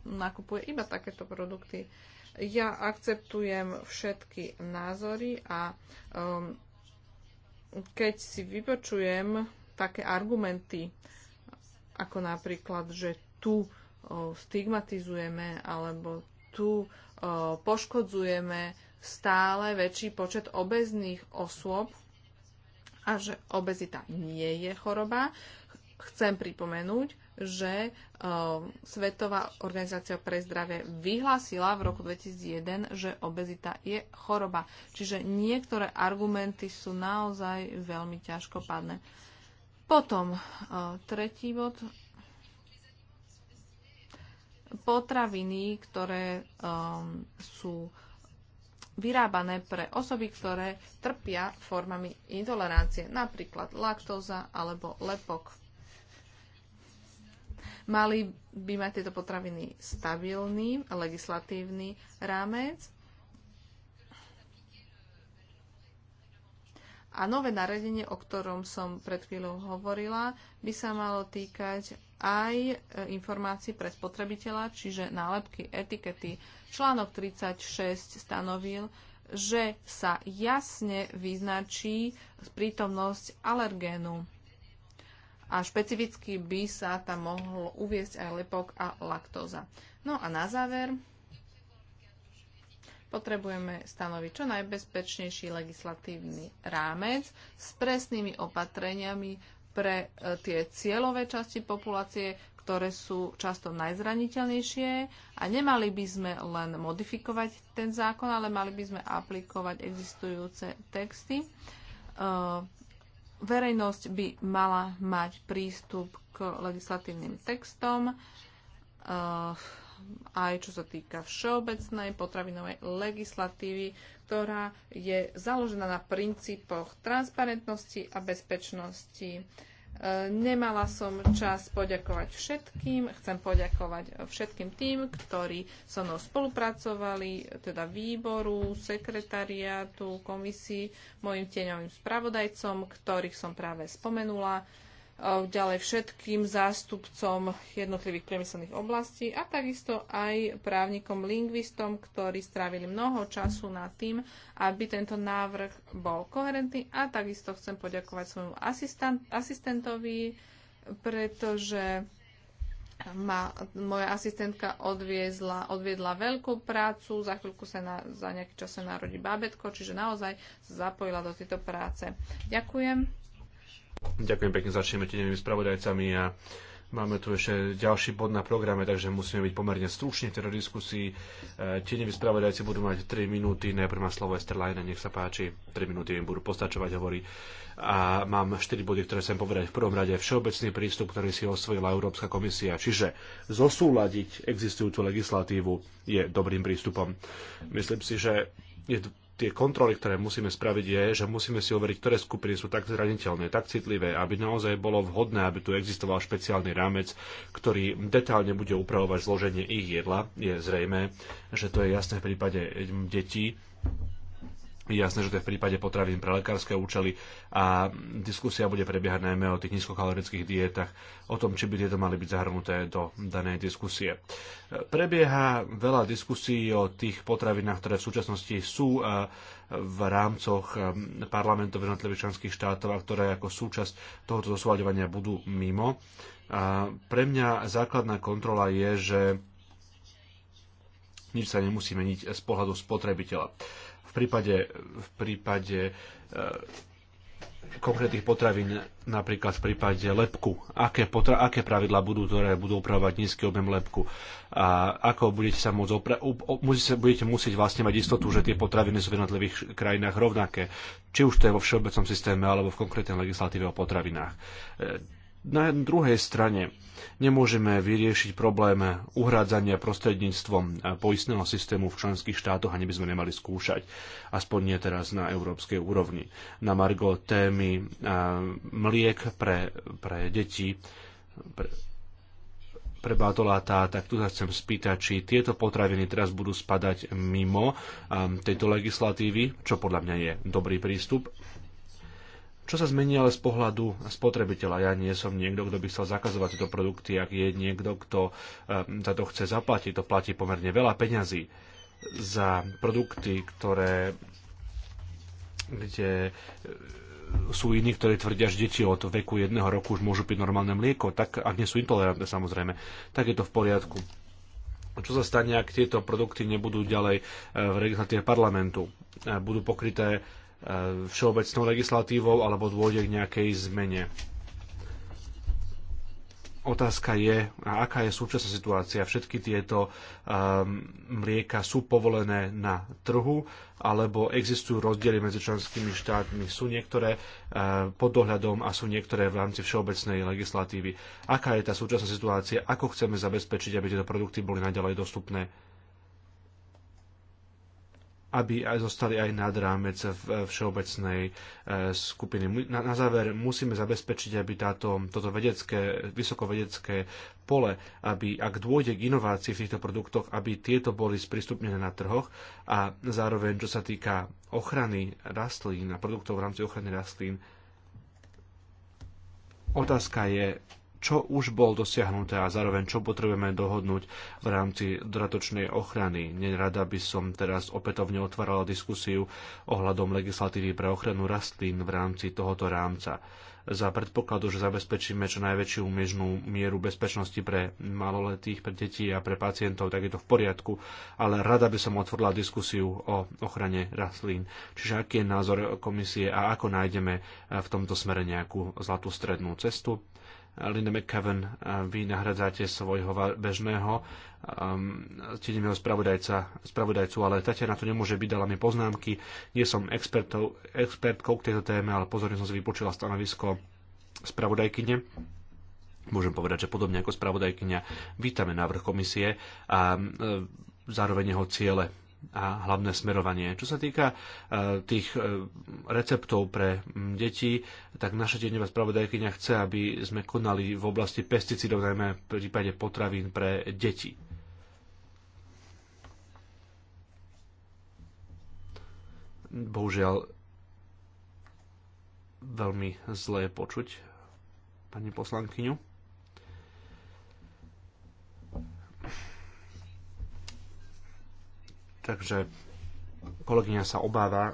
nakupuje iba takéto produkty. Ja akceptujem všetky názory a um, keď si vypočujem také argumenty, ako napríklad, že tu eh, stigmatizujeme alebo tu poškodzujeme stále väčší počet obezných osôb a že obezita nie je choroba. Chcem pripomenúť, že Svetová organizácia pre zdravie vyhlásila v roku 2001, že obezita je choroba. Čiže niektoré argumenty sú naozaj veľmi ťažko padné. Potom tretí bod potraviny, ktoré um, sú vyrábané pre osoby, ktoré trpia formami intolerancie, napríklad laktóza alebo lepok. Mali by mať tieto potraviny stabilný legislatívny rámec a nové nariadenie, o ktorom som pred chvíľou hovorila, by sa malo týkať aj e, informácií pre spotrebiteľa, čiže nálepky, etikety. Článok 36 stanovil, že sa jasne vyznačí prítomnosť alergénu. A špecificky by sa tam mohol uviesť aj lepok a laktóza. No a na záver potrebujeme stanoviť čo najbezpečnejší legislatívny rámec s presnými opatreniami pre e, tie cieľové časti populácie, ktoré sú často najzraniteľnejšie a nemali by sme len modifikovať ten zákon, ale mali by sme aplikovať existujúce texty. E, verejnosť by mala mať prístup k legislatívnym textom e, aj čo sa týka všeobecnej potravinovej legislatívy, ktorá je založená na princípoch transparentnosti a bezpečnosti. E, nemala som čas poďakovať všetkým. Chcem poďakovať všetkým tým, ktorí so mnou spolupracovali, teda výboru, sekretariátu, komisii, mojim tieňovým spravodajcom, ktorých som práve spomenula ďalej všetkým zástupcom jednotlivých priemyselných oblastí a takisto aj právnikom, lingvistom, ktorí strávili mnoho času nad tým, aby tento návrh bol koherentný a takisto chcem poďakovať svojmu asistent, asistentovi, pretože ma moja asistentka odviezla, odviedla veľkú prácu, za chvíľku sa na, za nejaký čas sa narodí bábetko, čiže naozaj zapojila do tejto práce. Ďakujem. Ďakujem pekne, začneme tenými spravodajcami a Máme tu ešte ďalší bod na programe, takže musíme byť pomerne stručne v tejto diskusii. E, tieňoví spravodajci budú mať 3 minúty, najprv má slovo Lajna, nech sa páči, 3 minúty im budú postačovať, hovorí. A mám 4 body, ktoré chcem povedať. V prvom rade všeobecný prístup, ktorý si osvojila Európska komisia, čiže zosúľadiť existujúcu legislatívu je dobrým prístupom. Myslím si, že je tie kontroly, ktoré musíme spraviť, je, že musíme si overiť, ktoré skupiny sú tak zraniteľné, tak citlivé, aby naozaj bolo vhodné, aby tu existoval špeciálny rámec, ktorý detálne bude upravovať zloženie ich jedla. Je zrejme, že to je jasné v prípade detí, je Jasné, že to je v prípade potravín pre lekárske účely a diskusia bude prebiehať najmä o tých nízkokalorických dietách, o tom, či by tieto mali byť zahrnuté do danej diskusie. Prebieha veľa diskusí o tých potravinách, ktoré v súčasnosti sú e, v rámcoch e, parlamentov jednotlivých členských štátov a ktoré ako súčasť tohoto dosúľadovania budú mimo. A e, pre mňa základná kontrola je, že nič sa nemusí meniť z pohľadu spotrebiteľa prípade, v prípade e, konkrétnych potravín, napríklad v prípade lepku, aké, potra- aké pravidlá budú, ktoré budú upravovať nízky objem lepku a ako budete sa môcť opra- musíte, budete musieť vlastne mať istotu, že tie potraviny sú v jednotlivých krajinách rovnaké, či už to je vo všeobecnom systéme alebo v konkrétnej legislatíve o potravinách. E, na druhej strane nemôžeme vyriešiť problém uhrádzania prostredníctvom eh, poistného systému v členských štátoch ani by sme nemali skúšať, aspoň nie teraz na európskej úrovni. Na margo témy eh, mliek pre, pre deti, pre, pre Batolatá, tak tu sa chcem spýtať, či tieto potraviny teraz budú spadať mimo um, tejto legislatívy, čo podľa mňa je dobrý prístup. Čo sa zmení ale z pohľadu spotrebiteľa? Ja nie som niekto, kto by chcel zakazovať tieto produkty, ak je niekto, kto ehm, za to chce zaplatiť, to platí pomerne veľa peňazí za produkty, ktoré kde e, sú iní, ktorí tvrdia, že deti od veku jedného roku už môžu piť normálne mlieko, tak ak nie sú intolerantné samozrejme, tak je to v poriadku. Čo sa stane, ak tieto produkty nebudú ďalej e, v legislatíve parlamentu? E, budú pokryté E, všeobecnou legislatívou alebo dôjde k nejakej zmene. Otázka je, aká je súčasná situácia. Všetky tieto um, mlieka sú povolené na trhu, alebo existujú rozdiely medzi členskými štátmi. Sú niektoré uh, pod dohľadom a sú niektoré v rámci všeobecnej legislatívy. Aká je tá súčasná situácia? Ako chceme zabezpečiť, aby tieto produkty boli naďalej dostupné? aby aj zostali aj nad rámec všeobecnej e, skupiny. Na, záver musíme zabezpečiť, aby táto, toto vedecké, vysokovedecké pole, aby ak dôjde k inovácii v týchto produktoch, aby tieto boli sprístupnené na trhoch a zároveň, čo sa týka ochrany rastlín a produktov v rámci ochrany rastlín, otázka je, čo už bol dosiahnuté a zároveň čo potrebujeme dohodnúť v rámci dodatočnej ochrany. Nerada by som teraz opätovne otvárala diskusiu ohľadom legislatívy pre ochranu rastlín v rámci tohoto rámca za predpokladu, že zabezpečíme čo najväčšiu miežnú mieru bezpečnosti pre maloletých, pre detí a pre pacientov, tak je to v poriadku, ale rada by som otvorila diskusiu o ochrane rastlín. Čiže aký je názor komisie a ako nájdeme v tomto smere nejakú zlatú strednú cestu. Linda McCaven, vy nahradzáte svojho bežného um, tieňového spravodajcu, ale Tatiana tu nemôže byť, dala mi poznámky. Nie som expertov, expertkou k tejto téme, ale pozorne som si vypočula stanovisko spravodajkyne. Môžem povedať, že podobne ako spravodajkyňa vítame návrh komisie a e, zároveň jeho ciele a hlavné smerovanie. Čo sa týka e, tých e, receptov pre deti, tak naša tieňová spravodajkynia chce, aby sme konali v oblasti pesticidov najmä v prípade potravín pre deti. Bohužiaľ, veľmi zlé je počuť pani poslankyňu. Takže kolegyňa sa obáva,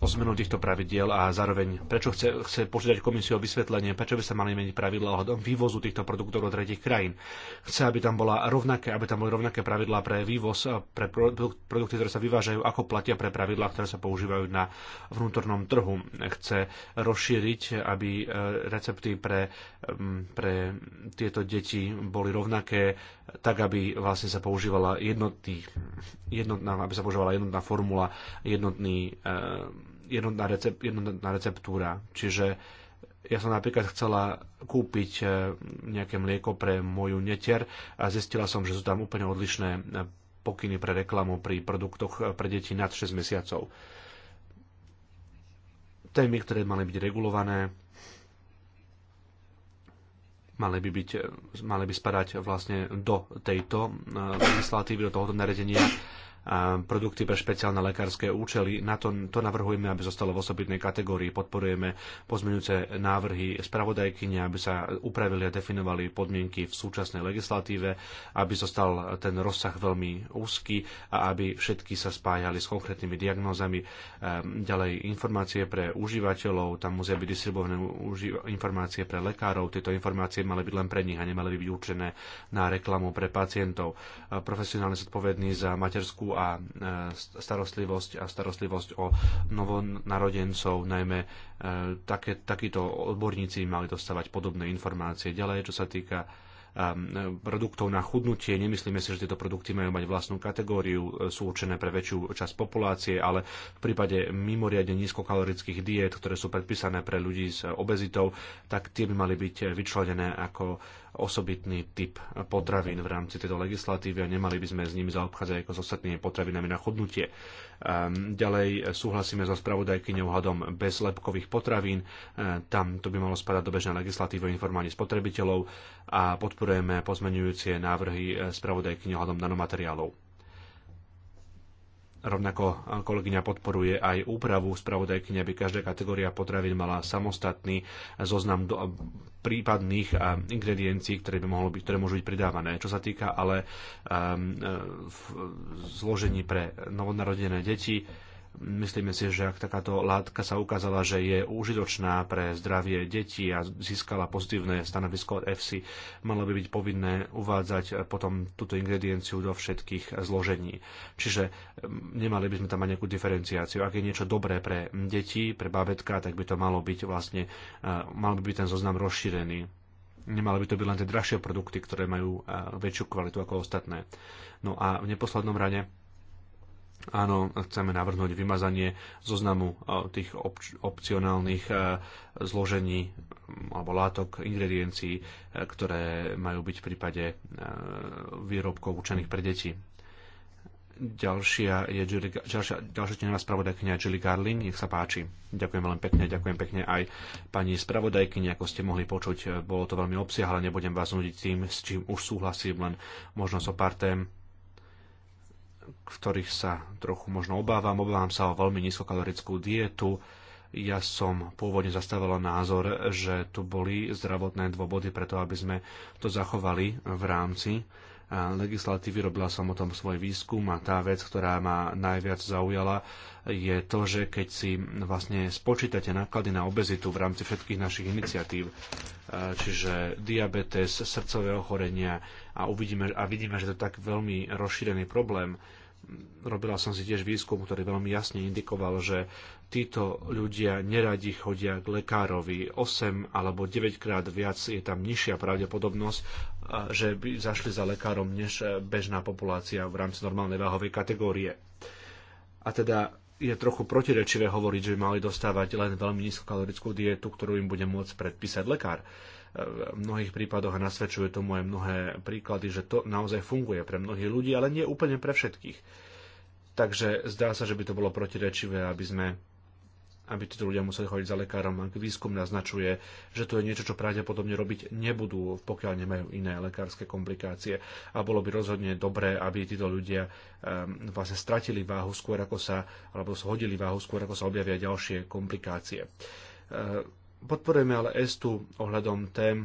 o zmenu týchto pravidiel a zároveň prečo chce, chce požiadať komisiu o vysvetlenie, prečo by sa mali meniť pravidla ohľadom vývozu týchto produktov do tretich krajín. Chce, aby tam, bola rovnaké, aby tam boli rovnaké pravidlá pre vývoz, pre produkty, ktoré sa vyvážajú, ako platia pre pravidlá, ktoré sa používajú na vnútornom trhu. Chce rozšíriť, aby e, recepty pre, pre tieto deti boli rovnaké, tak aby vlastne sa používala jednotný, jednotná, aby sa používala jednotná formula, jednotný e, jednotná, recep, jednotná receptúra. Čiže ja som napríklad chcela kúpiť e, nejaké mlieko pre moju netier a zistila som, že sú tam úplne odlišné e, pokyny pre reklamu pri produktoch e, pre deti nad 6 mesiacov. Témy, ktoré mali byť regulované, mali by, byť, mali by spadať vlastne do tejto legislatívy, do tohoto naredenia a produkty pre špeciálne lekárske účely. Na to, to navrhujeme, aby zostalo v osobitnej kategórii. Podporujeme pozmeňujúce návrhy spravodajkyne, aby sa upravili a definovali podmienky v súčasnej legislatíve, aby zostal ten rozsah veľmi úzky a aby všetky sa spájali s konkrétnymi diagnózami. Ehm, ďalej informácie pre užívateľov, tam musia byť distribuované informácie pre lekárov. Tieto informácie mali byť len pre nich a nemali byť určené na reklamu pre pacientov. Ehm, Profesionálne zodpovední za materskú a e, starostlivosť a starostlivosť o novonarodencov, najmä e, také, takíto odborníci mali dostávať podobné informácie. Ďalej, čo sa týka e, produktov na chudnutie. Nemyslíme si, že tieto produkty majú mať vlastnú kategóriu, sú určené pre väčšiu časť populácie, ale v prípade mimoriadne nízkokalorických diet, ktoré sú predpísané pre ľudí s obezitou, tak tie by mali byť vyčlenené ako osobitný typ potravín v rámci tejto legislatívy a nemali by sme s nimi zaobchádzať ako s ostatnými potravinami na chodnutie. Ehm, ďalej súhlasíme so spravodajkyňou hadom bezlepkových potravín. Ehm, tam to by malo spadať do bežnej legislatívy o informovaní spotrebiteľov a podporujeme pozmenujúcie návrhy eh, spravodajkyňou hadom nanomateriálov. Rovnako kolegyňa podporuje aj úpravu spravodajkyne, aby každá kategória potravín mala samostatný zoznam do prípadných ingrediencií, ktoré, by mohlo byť, ktoré môžu byť pridávané. Čo sa týka ale um, zložení pre novonarodené deti, Myslíme si, že ak takáto látka sa ukázala, že je užitočná pre zdravie detí a získala pozitívne stanovisko od EFSI, malo by byť povinné uvádzať potom túto ingredienciu do všetkých zložení. Čiže nemali by sme tam mať nejakú diferenciáciu. Ak je niečo dobré pre deti, pre babetka, tak by to malo byť vlastne, e, mal by byť ten zoznam rozšírený. Nemali by to byť len tie drahšie produkty, ktoré majú e, väčšiu kvalitu ako ostatné. No a v neposlednom rade Áno, chceme navrhnúť vymazanie zoznamu e, tých opcionálnych e, zložení alebo látok, ingrediencií, e, ktoré majú byť v prípade výrobkov učených pre deti. Ďalšia je Julie, ďalšia, ďalšia tenová spravodajkynia Julie Garlin, nech sa páči. Ďakujem veľmi pekne, ďakujem pekne aj pani spravodajkyni, ako ste mohli počuť, bolo to veľmi obsiahle, nebudem vás nudiť tým, s čím už súhlasím, len možno so pár tém, ktorých sa trochu možno obávam. Obávam sa o veľmi nízkokalorickú dietu. Ja som pôvodne zastávala názor, že tu boli zdravotné dôvody preto, aby sme to zachovali v rámci legislatívy, robila som o tom svoj výskum a tá vec, ktorá ma najviac zaujala, je to, že keď si vlastne spočítate náklady na obezitu v rámci všetkých našich iniciatív, e, čiže diabetes, srdcové ochorenia a, uvidíme, a vidíme, že to je tak veľmi rozšírený problém, robila som si tiež výskum, ktorý veľmi jasne indikoval, že títo ľudia neradi chodia k lekárovi. 8 alebo 9 krát viac je tam nižšia pravdepodobnosť, že by zašli za lekárom, než e, bežná populácia v rámci normálnej váhovej kategórie. A teda je trochu protirečivé hovoriť, že by mali dostávať len veľmi nízkokalorickú dietu, ktorú im bude môcť predpísať lekár. Uh, v mnohých prípadoch a nasvedčuje tomu aj mnohé príklady, že to naozaj funguje pre mnohých ľudí, ale nie úplne pre všetkých. Takže zdá sa, že by to bolo protirečivé, aby sme aby títo ľudia museli chodiť za lekárom. Ak výskum naznačuje, že to je niečo, čo pravdepodobne robiť nebudú, pokiaľ nemajú iné lekárske komplikácie. A bolo by rozhodne dobré, aby títo ľudia um, vlastne stratili váhu skôr ako sa, alebo shodili váhu skôr ako sa objavia ďalšie komplikácie. Uh, Podporujeme ale Estu ohľadom tém,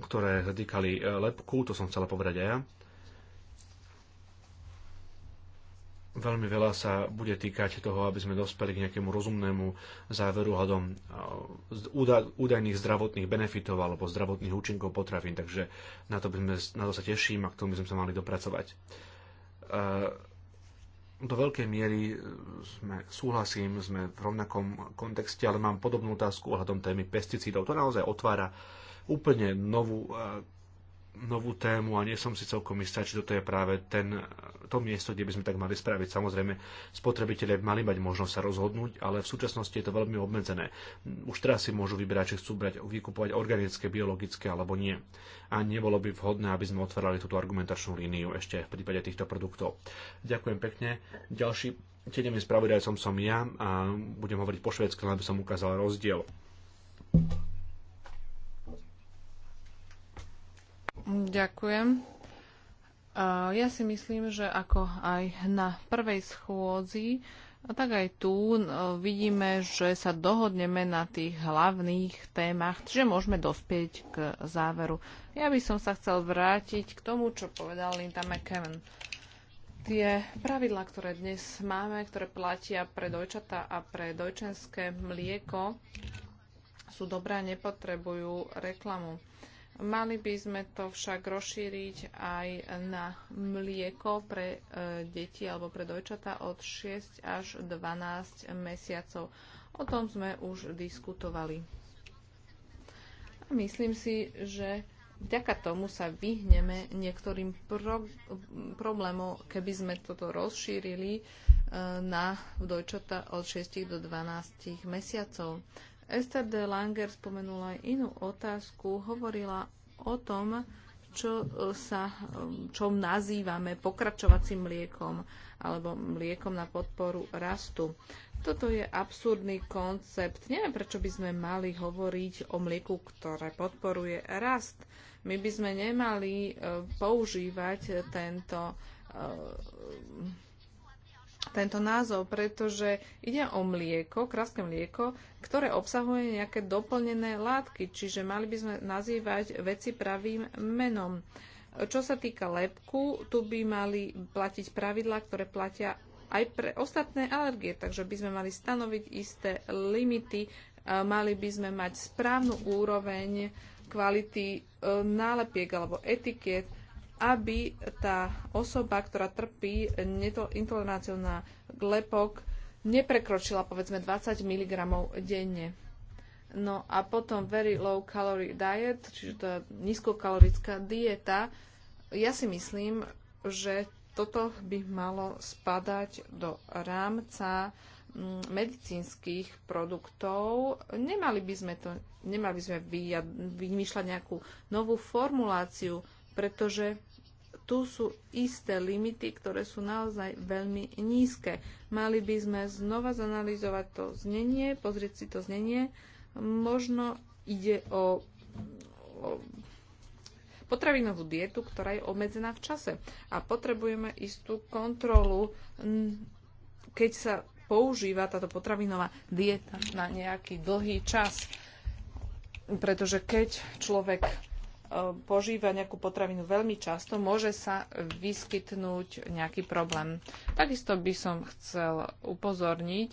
ktoré týkali e, lepku, to som chcela povedať aj ja. Veľmi veľa sa bude týkať toho, aby sme dospeli k nejakému rozumnému záveru hľadom e, údajných zdravotných benefitov alebo zdravotných účinkov potravín, takže na to, by sme, na to sa teším a k tomu by sme sa mali dopracovať e, do veľkej miery e, sme, súhlasím, sme v rovnakom kontexte, ale mám podobnú otázku ohľadom témy pesticídov. To naozaj otvára úplne novú e, novú tému a nie som si celkom istá, či toto je práve ten, to miesto, kde by sme tak mali spraviť. Samozrejme, spotrebitelia by mali mať možnosť sa rozhodnúť, ale v súčasnosti je to veľmi obmedzené. Už teraz si môžu vybrať, či chcú brať, vykupovať organické, biologické alebo nie. A nebolo by vhodné, aby sme otvárali túto argumentačnú líniu ešte v prípade týchto produktov. Ďakujem pekne. Ďalší tieňovým spravodajcom som ja a budem hovoriť po švedsky, aby som ukázal rozdiel. Ďakujem. Ja si myslím, že ako aj na prvej schôdzi, tak aj tu e, vidíme, že sa dohodneme na tých hlavných témach, že môžeme dospieť k záveru. Ja by som sa chcel vrátiť k tomu, čo povedal Linda McKeven. Tie pravidlá, ktoré dnes máme, ktoré platia pre dojčata a pre dojčenské mlieko, sú dobré a nepotrebujú reklamu. Mali by sme to však rozšíriť aj na mlieko pre e, deti alebo pre dojčata od 6 až 12 mesiacov. O tom sme už diskutovali. A myslím si, že vďaka tomu sa vyhneme niektorým pro, problémom, keby sme toto rozšírili e, na dojčata od 6 do 12 mesiacov. Esther de Langer spomenula aj inú otázku, hovorila o tom, čo e, sa, e, čo nazývame pokračovacím mliekom alebo mliekom na podporu rastu. Toto je absurdný koncept. Neviem, prečo by sme mali hovoriť o mlieku, ktoré podporuje rast. My by sme nemali e, používať tento tento názov, pretože ide o mlieko, krásne mlieko, ktoré obsahuje nejaké doplnené látky, čiže mali by sme nazývať veci pravým menom. Čo sa týka lepku, tu by mali platiť pravidlá, ktoré platia aj pre ostatné alergie, takže by sme mali stanoviť isté limity, e, mali by sme mať správnu úroveň kvality e, nálepiek alebo etiket aby tá osoba, ktorá trpí intoleranciou na glepok, neprekročila povedzme 20 mg denne. No a potom very low calorie diet, čiže tá nízkokalorická dieta. Ja si myslím, že toto by malo spadať do rámca mm, medicínskych produktov. Nemali by sme, to, nemali by sme vymýšľať nejakú novú formuláciu, pretože tu sú isté limity, ktoré sú naozaj veľmi nízke. Mali by sme znova zanalizovať to znenie, pozrieť si to znenie. Možno ide o, o potravinovú dietu, ktorá je obmedzená v čase. A potrebujeme istú kontrolu, keď sa používa táto potravinová dieta na nejaký dlhý čas. Pretože keď človek požíva nejakú potravinu veľmi často, môže sa vyskytnúť nejaký problém. Takisto by som chcel upozorniť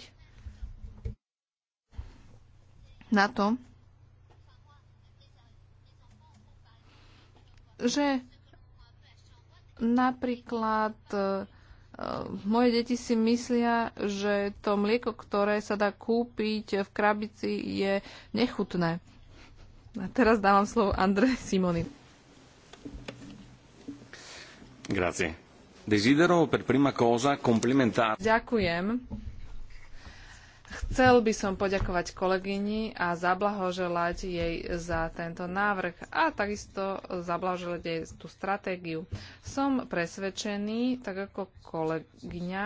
na to, že napríklad e, moje deti si myslia, že to mlieko, ktoré sa dá kúpiť v krabici, je nechutné. A teraz dávam slovo Andre Simoni. Grazie. Desidero per prima cosa complimentare. Ďakujem. Chcel by som poďakovať kolegyni a zablahoželať jej za tento návrh a takisto zablahoželať jej tú stratégiu. Som presvedčený, tak ako kolegyňa,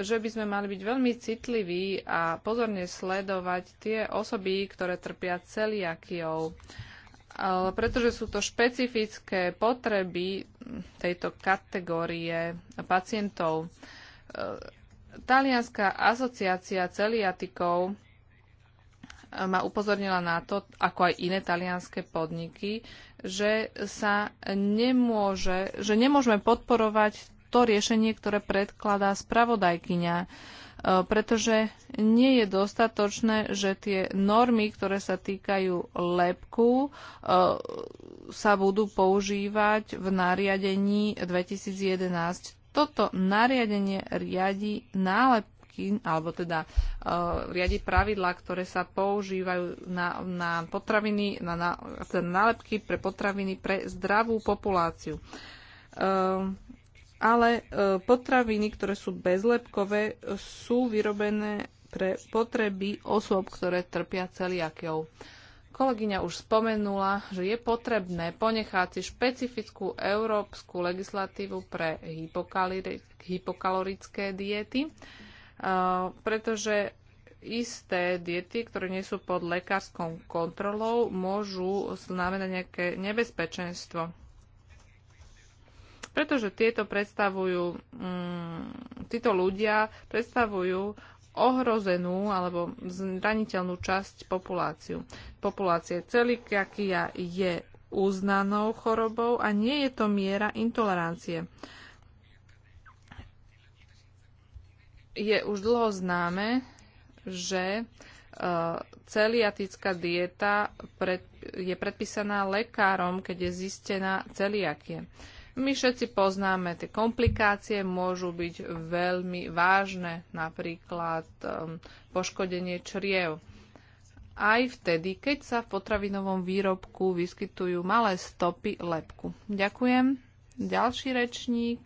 že by sme mali byť veľmi citliví a pozorne sledovať tie osoby, ktoré trpia celiakiou pretože sú to špecifické potreby tejto kategórie pacientov Talianská asociácia celiatikov eh, ma upozornila na to, ako aj iné talianské podniky, že sa nemôže, že nemôžeme podporovať to riešenie, ktoré predkladá spravodajkyňa, eh, pretože nie je dostatočné, že tie normy, ktoré sa týkajú lepku, eh, sa budú používať v nariadení 2011 toto nariadenie riadi nálepky, alebo teda uh, riadi pravidlá, ktoré sa používajú na, na potraviny, na, na teda nálepky pre potraviny pre zdravú populáciu. Uh, ale uh, potraviny, ktoré sú bezlepkové, sú vyrobené pre potreby osôb, ktoré trpia celiakou. Uh, Kolegyňa už spomenula, že je potrebné ponechať si špecifickú európsku legislatívu pre hypokalorické diety, eh, pretože isté diety, ktoré nie sú pod lekárskou kontrolou, môžu znamenať nejaké nebezpečenstvo. Pretože tieto predstavujú, mm, títo ľudia predstavujú ohrozenú alebo zraniteľnú časť populáciu. Populácie Celikakia je uznanou chorobou a nie je to miera intolerancie. Je už dlho známe, že e, celiatická dieta je predpísaná lekárom, keď je zistená celiakie. My všetci poznáme, tie komplikácie môžu byť veľmi vážne, napríklad um, poškodenie čriev. Aj vtedy, keď sa v potravinovom výrobku vyskytujú malé stopy lepku. Ďakujem. Ďalší rečník,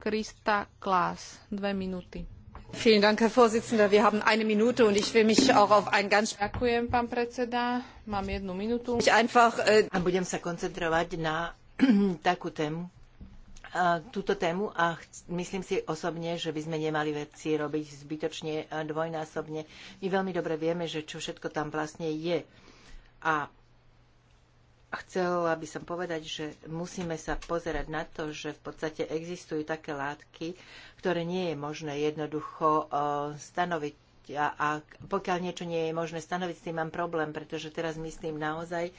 Krista Klas. Dve minúty. Dank, herr wir haben eine minute und ich will mich auch auf ein ganz Ďakujem, pán predseda. Mám jednu minútu. Ich einfach, äh... budem sa koncentrovať na takú tému, túto tému a myslím si osobne, že by sme nemali veci robiť zbytočne dvojnásobne. My veľmi dobre vieme, že čo všetko tam vlastne je. A chcela by som povedať, že musíme sa pozerať na to, že v podstate existujú také látky, ktoré nie je možné jednoducho stanoviť. A, a pokiaľ niečo nie je možné stanoviť, s tým mám problém, pretože teraz myslím naozaj,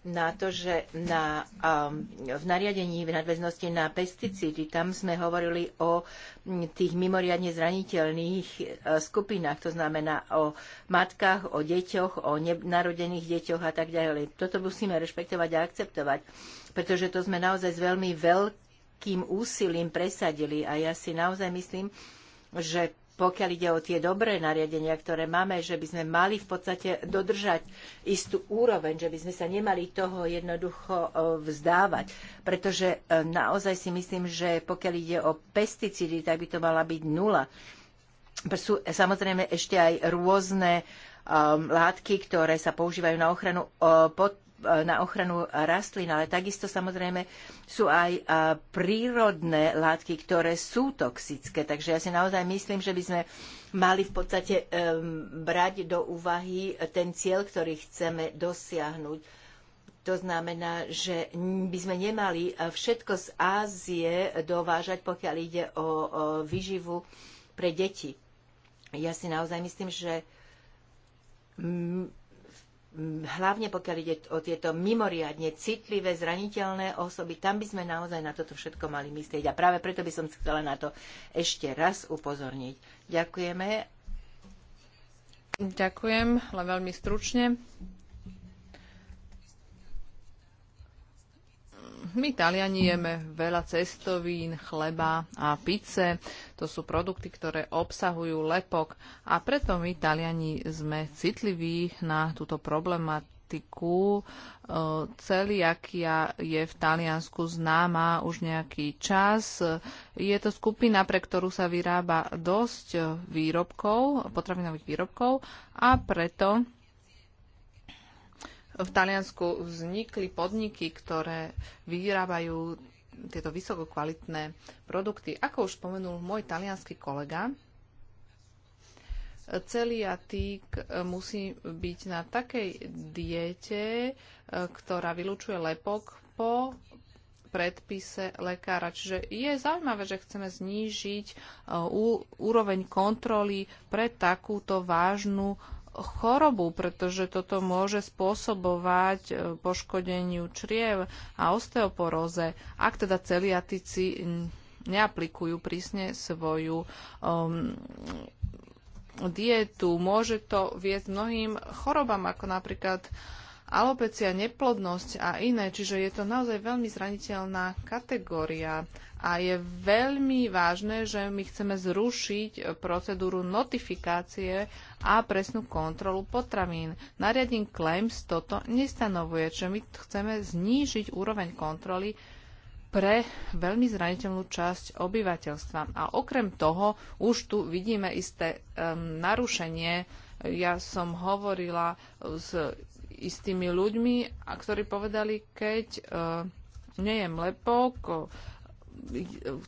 na to, že na, um, v nariadení v nadväznosti na pesticídy, tam sme hovorili o tých mimoriadne zraniteľných e, skupinách, to znamená o matkách, o deťoch, o nenarodených deťoch a tak ďalej. Toto musíme rešpektovať a akceptovať, pretože to sme naozaj s veľmi veľkým úsilím presadili a ja si naozaj myslím, že pokiaľ ide o tie dobré nariadenia, ktoré máme, že by sme mali v podstate dodržať istú úroveň, že by sme sa nemali toho jednoducho e, vzdávať. Pretože e, naozaj si myslím, že pokiaľ ide o pesticídy, tak by to mala byť nula. Sú samozrejme ešte aj rôzne um, látky, ktoré sa používajú na ochranu uh, pod, na ochranu rastlín, ale takisto samozrejme sú aj prírodné látky, ktoré sú toxické. Takže ja si naozaj myslím, že by sme mali v podstate brať do úvahy ten cieľ, ktorý chceme dosiahnuť. To znamená, že by sme nemali všetko z Ázie dovážať, pokiaľ ide o, výživu pre deti. Ja si naozaj myslím, že hlavne pokiaľ ide o tieto mimoriadne citlivé, zraniteľné osoby, tam by sme naozaj na toto všetko mali myslieť. A práve preto by som chcela na to ešte raz upozorniť. Ďakujeme. Ďakujem, len veľmi stručne. My Taliani jeme veľa cestovín, chleba a pice. To sú produkty, ktoré obsahujú lepok a preto my, Taliani, sme citliví na túto problematiku. E, Celiakia je v Taliansku známa už nejaký čas. Je to skupina, pre ktorú sa vyrába dosť výrobkov, potravinových výrobkov a preto v Taliansku vznikli podniky, ktoré vyrábajú tieto vysoko kvalitné produkty. Ako už spomenul môj talianský kolega, celiatík musí byť na takej diete, e, ktorá vylučuje lepok po predpise lekára. Čiže je zaujímavé, že chceme znížiť e, úroveň kontroly pre takúto vážnu chorobu, pretože toto môže spôsobovať e, poškodeniu čriev a osteoporóze, ak teda celiatici neaplikujú prísne svoju um, dietu. Môže to viesť mnohým chorobám, ako napríklad alopecia, neplodnosť a iné. Čiže je to naozaj veľmi zraniteľná kategória a je veľmi vážne, že my chceme zrušiť procedúru notifikácie a presnú kontrolu potravín. Nariadím Claims toto nestanovuje, že my chceme znížiť úroveň kontroly pre veľmi zraniteľnú časť obyvateľstva. A okrem toho už tu vidíme isté um, narušenie. Ja som hovorila s istými ľuďmi, a ktorí povedali, keď eh, nie je lepok,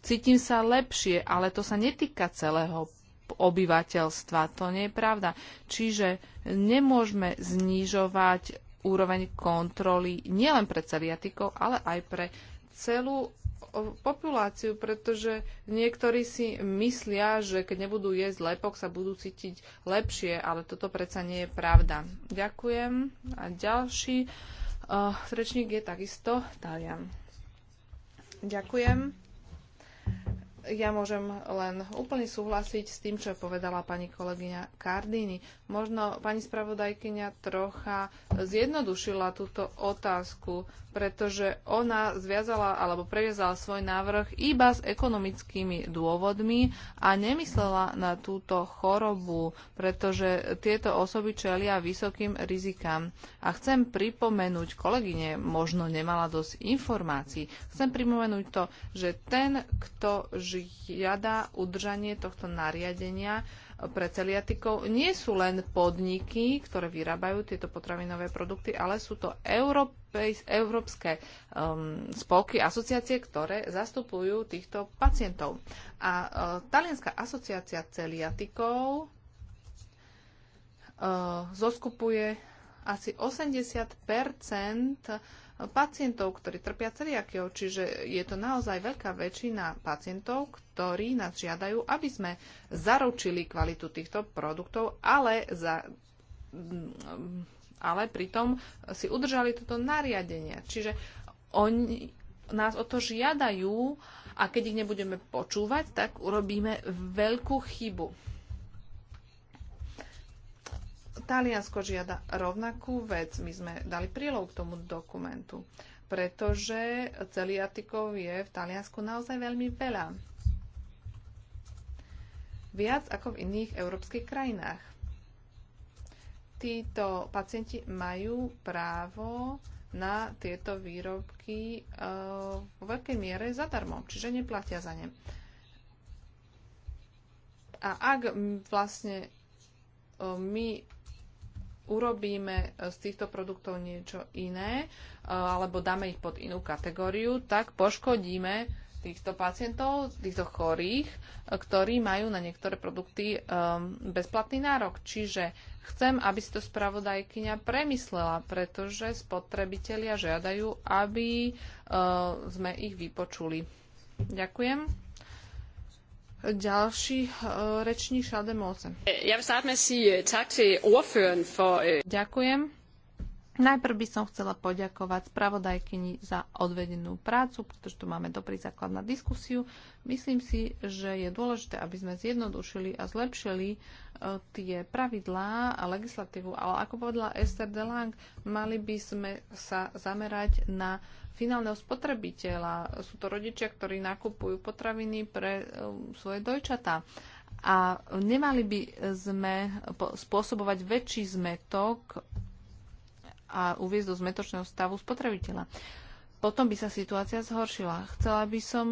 cítim sa lepšie, ale to sa netýka celého obyvateľstva. To nie je pravda. Čiže nemôžeme znižovať úroveň kontroly nielen pre celiatikov, ale aj pre celú populáciu, pretože niektorí si myslia, že keď nebudú jesť lepok, sa budú cítiť lepšie, ale toto predsa nie je pravda. Ďakujem. A ďalší uh, rečník je takisto Talian. Ďakujem. Ja môžem len úplne súhlasiť s tým, čo povedala pani kolegyňa Kardini. Možno pani spravodajkyňa trocha zjednodušila túto otázku, pretože ona zviazala alebo previazala svoj návrh iba s ekonomickými dôvodmi a nemyslela na túto chorobu, pretože tieto osoby čelia vysokým rizikám. A chcem pripomenúť, kolegyne možno nemala dosť informácií, chcem pripomenúť to, že ten, kto žiada udržanie tohto nariadenia, pre celiatikov nie sú len podniky, ktoré vyrábajú tieto potravinové produkty, ale sú to európske um, spolky, asociácie, ktoré zastupujú týchto pacientov. A uh, Talianská asociácia celiatikov uh, zoskupuje asi 80 pacientov, ktorí trpia celiakiou. Čiže je to naozaj veľká väčšina pacientov, ktorí nás žiadajú, aby sme zaručili kvalitu týchto produktov, ale, za, mm, ale pritom si udržali toto nariadenie. Čiže oni nás o to žiadajú a keď ich nebudeme počúvať, tak urobíme veľkú chybu. Taliansko žiada rovnakú vec. My sme dali prílov k tomu dokumentu, pretože celiatikov je v Taliansku naozaj veľmi veľa. Viac ako v iných európskych krajinách. Títo pacienti majú právo na tieto výrobky e, vo veľkej miere zadarmo, čiže neplatia za ne. A ak vlastne e, my urobíme z týchto produktov niečo iné e, alebo dáme ich pod inú kategóriu, tak poškodíme týchto pacientov, týchto chorých, e, ktorí majú na niektoré produkty um, bezplatný nárok. Čiže chcem, aby si to spravodajkyňa premyslela, pretože spotrebitelia žiadajú, aby uh, sme ich vypočuli. Ďakujem. Ďalší uh, rečník Šaldemose. Ja by tak for... Eh, Ďakujem. Najprv by som chcela poďakovať spravodajkyni za odvedenú prácu, pretože tu máme dobrý základ na diskusiu. Myslím si, že je dôležité, aby sme zjednodušili a zlepšili eh, tie pravidlá a legislatívu. Ale ako povedala Esther de Lang, mali by sme sa zamerať na uh, finálneho spotrebiteľa. Sú to rodičia, ktorí nakupujú potraviny pre um, svoje dojčatá. A nemali by sme spôsobovať väčší zmetok a uviezť do zmetočného stavu spotrebiteľa. Potom by sa situácia zhoršila. Chcela by som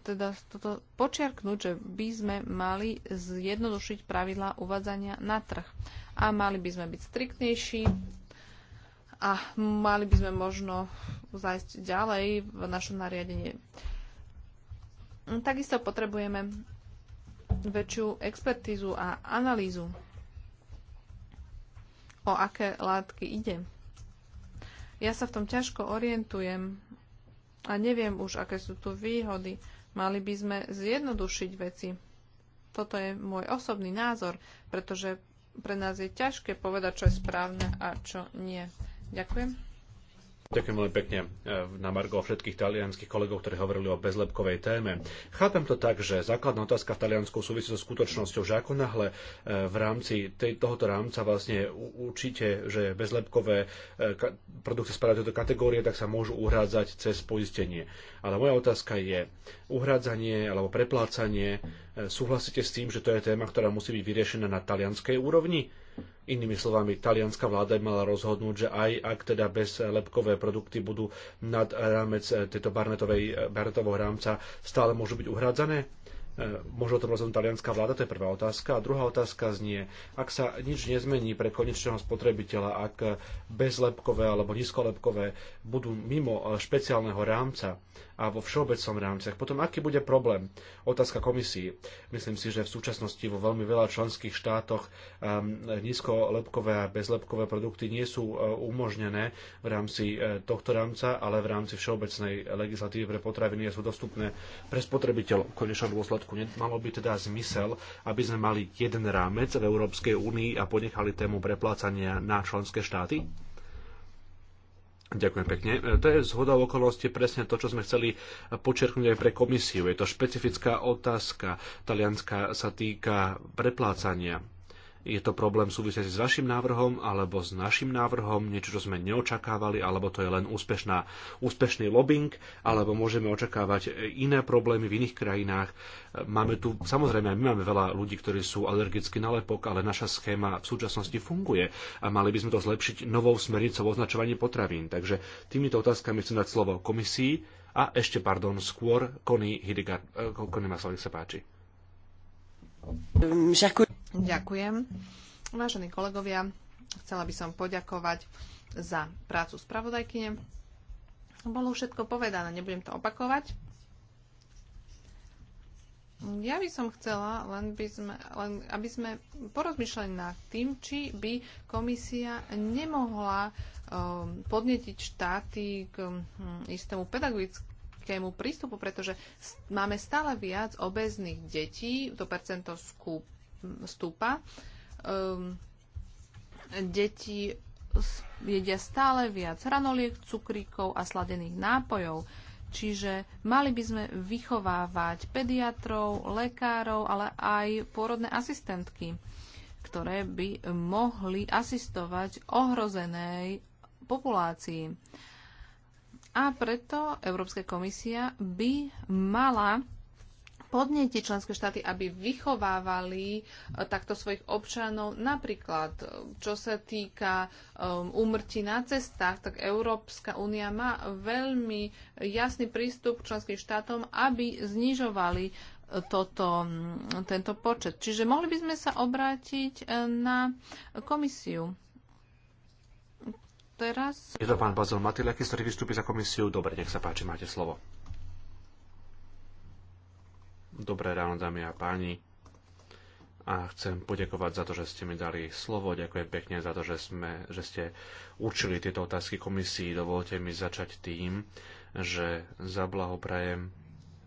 teda toto počiarknúť, že by sme mali zjednodušiť pravidlá uvádzania na trh. A mali by sme byť striktnejší a mali by sme možno zajsť ďalej v našom nariadení. Takisto potrebujeme väčšiu expertízu a analýzu, o aké látky ide. Ja sa v tom ťažko orientujem a neviem už, aké sú tu výhody. Mali by sme zjednodušiť veci. Toto je môj osobný názor, pretože pre nás je ťažké povedať, čo je správne a čo nie. Ďakujem. Ďakujem veľmi pekne e, na Margo všetkých talianských kolegov, ktorí hovorili o bezlepkovej téme. Chápem to tak, že základná otázka v Taliansku súvisí so skutočnosťou, že ako nahle e, v rámci tej, tohoto rámca vlastne určite, že bezlepkové e, produkty spadajú do kategórie, tak sa môžu uhrádzať cez poistenie. Ale moja otázka je, uhrádzanie alebo preplácanie, súhlasíte s tým, že to je téma, ktorá musí byť vyriešená na talianskej úrovni? Inými slovami, talianská vláda mala rozhodnúť, že aj ak teda bez lepkové produkty budú nad rámec e, tejto barnetovej, e, barnetového rámca, stále môžu byť uhradzané? E, môže o tom rozhodnúť talianská vláda? To je prvá otázka. A druhá otázka znie, ak sa nič nezmení pre konečného spotrebiteľa, ak bezlepkové alebo nízkolepkové budú mimo e, špeciálneho rámca a vo všeobecnom rámciach, potom aký bude problém? Otázka komisii. Myslím si, že v súčasnosti vo veľmi veľa členských štátoch ehm, nízkolepkové a bezlepkové produkty nie sú e, umožnené v rámci tohto rámca, ale v rámci všeobecnej legislatívy pre potraviny sú dostupné pre spotrebiteľov v dôsledku poriadku. Malo by teda zmysel, aby sme mali jeden rámec v Európskej únii a ponechali tému preplácania na členské štáty? Ďakujem pekne. E, to je zhoda v okolnosti presne to, čo sme chceli počerknúť aj pre komisiu. Je to špecifická otázka. Talianska sa týka preplácania je to problém súvisiaci s vašim návrhom alebo s našim návrhom, niečo, čo sme neočakávali, alebo to je len úspešná, úspešný lobbying, alebo môžeme očakávať iné problémy v iných krajinách. Máme tu, samozrejme, my máme veľa ľudí, ktorí sú alergicky na lepok, ale naša schéma v súčasnosti funguje a mali by sme to zlepšiť novou smernicou označovaní potravín. Takže týmito otázkami chcem dať slovo komisii a ešte, pardon, skôr Kony Hidegard, Kony eh, Masolik sa páči. Ďakujem. Hm, Ďakujem. Vážení kolegovia, chcela by som poďakovať za prácu spravodajkyne. Bolo všetko povedané, nebudem to opakovať. Ja by som chcela, len, by sme, len aby sme porozmýšľali nad tým, či by komisia nemohla um, podnetiť štáty k um, istému pedagogickému prístupu, pretože máme stále viac obezných detí, to percento skup stúpa. Um, deti jedia stále viac ranoliek, cukríkov a sladených nápojov. Čiže mali by sme vychovávať pediatrov, lekárov, ale aj pôrodné asistentky, ktoré by mohli asistovať ohrozenej populácii. A preto Európska komisia by mala podnetiť členské štáty, aby vychovávali e, takto svojich občanov. Napríklad, e, čo sa týka e, úmrtí na cestách, tak Európska únia má veľmi jasný prístup k členským štátom, aby znižovali toto, tento počet. Čiže mohli by sme sa obrátiť na komisiu. Teraz... Je to pán Bazil Matilakis, ktorý vystúpi za komisiu. Dobre, nech sa páči, máte slovo. Dobré ráno, dámy a páni. A chcem poďakovať za to, že ste mi dali slovo. Ďakujem pekne za to, že, sme, že ste určili tieto otázky komisii. Dovolte mi začať tým, že zablahoprajem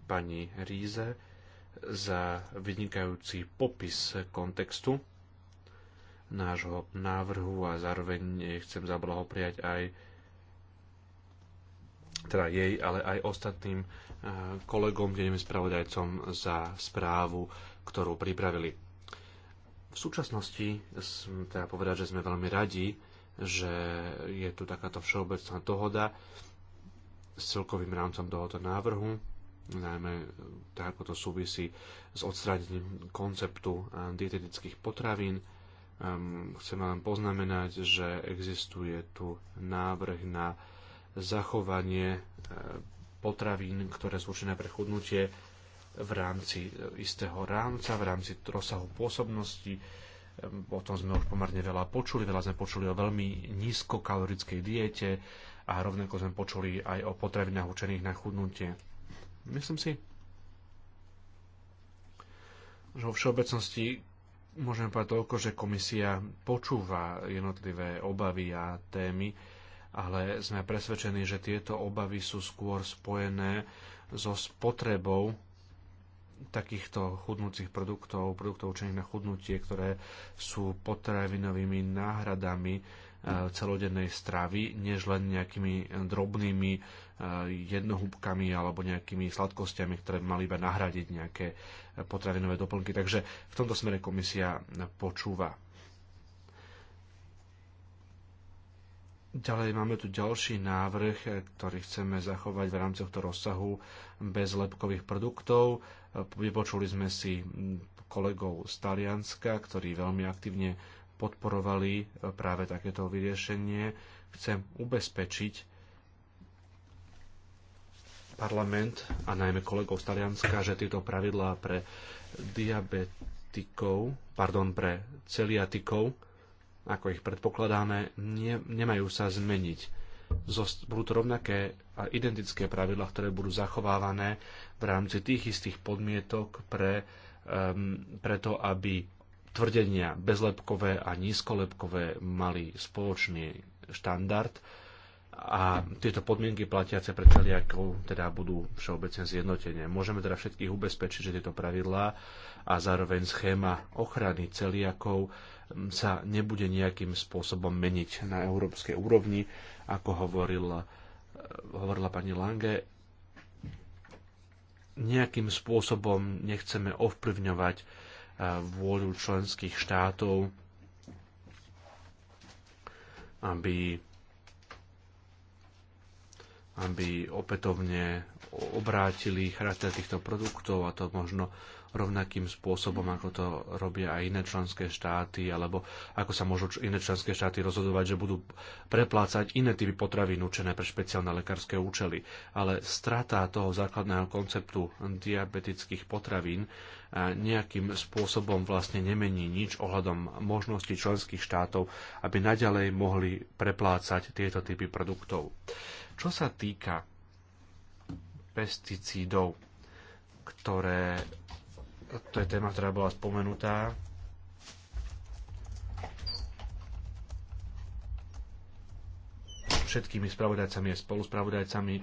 pani Ríze za vynikajúci popis kontextu nášho návrhu a zároveň chcem zablahopriať aj teda jej, ale aj ostatným eh, kolegom, deňovým spravodajcom za správu, ktorú pripravili. V súčasnosti, teda povedať, že sme veľmi radi, že je tu takáto všeobecná dohoda s celkovým rámcom tohoto návrhu, najmä eh, tak, ako to súvisí s odstránením konceptu eh, dietetických potravín. Ehm, chcem len poznamenať, že existuje tu návrh na zachovanie e, potravín, ktoré sú určené pre chudnutie v rámci e, istého rámca, v rámci rozsahu pôsobnosti. Ehm, o tom sme už pomerne veľa počuli, veľa sme počuli o veľmi nízkokalorickej diete a rovnako sme počuli aj o potravinách určených na chudnutie. Myslím si, že vo všeobecnosti môžeme povedať toľko, že komisia počúva jednotlivé obavy a témy, ale sme presvedčení, že tieto obavy sú skôr spojené so spotrebou takýchto chudnúcich produktov, produktov učených na chudnutie, ktoré sú potravinovými náhradami eh, celodennej stravy, než len nejakými drobnými eh, jednohúbkami alebo nejakými sladkosťami, ktoré by mali iba nahradiť nejaké eh, potravinové doplnky. Takže v tomto smere komisia počúva Ďalej máme tu ďalší návrh, ktorý chceme zachovať v rámci tohto rozsahu bez lepkových produktov. Vypočuli sme si kolegov z Talianska, ktorí veľmi aktívne podporovali práve takéto vyriešenie. Chcem ubezpečiť parlament a najmä kolegov z Talianska, že tieto pravidlá pre diabetikov, pardon, pre celiatikov, ako ich predpokladáme, ne, nemajú sa zmeniť. Zost, budú to rovnaké a identické pravidla, ktoré budú zachovávané v rámci tých istých podmietok pre, um, pre to, aby tvrdenia bezlepkové a nízkolepkové mali spoločný štandard a tieto podmienky platiace pre celiakov teda budú všeobecne zjednotené. Môžeme teda všetkých ubezpečiť, že tieto pravidlá a zároveň schéma ochrany celiakov sa nebude nejakým spôsobom meniť na európskej úrovni, ako hovoril, eh, hovorila pani Lange. Nejakým spôsobom nechceme ovplyvňovať eh, vôľu členských štátov, aby aby opätovne obrátili charakter týchto produktov a to možno rovnakým spôsobom, ako to robia aj iné členské štáty, alebo ako sa môžu iné členské štáty rozhodovať, že budú preplácať iné typy potravín určené pre špeciálne lekárske účely. Ale strata toho základného konceptu diabetických potravín eh, nejakým spôsobom vlastne nemení nič ohľadom možností členských štátov, aby naďalej mohli preplácať tieto typy produktov. Čo sa týka pesticídov, ktoré to je téma, ktorá bola spomenutá. Všetkými spravodajcami a spoluspravodajcami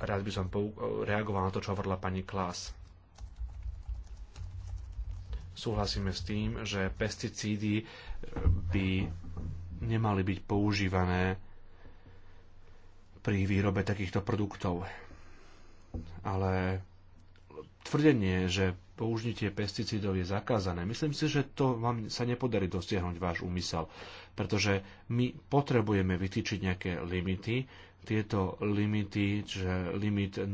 rád by som reagoval na to, čo hovorila pani klas. Súhlasíme s tým, že pesticídy by nemali byť používané pri výrobe takýchto produktov. Ale tvrdenie, že použitie pesticídov je zakázané, myslím si, že to vám sa nepodarí dosiahnuť váš úmysel, pretože my potrebujeme vytýčiť nejaké limity, tieto limity, že limit 0,01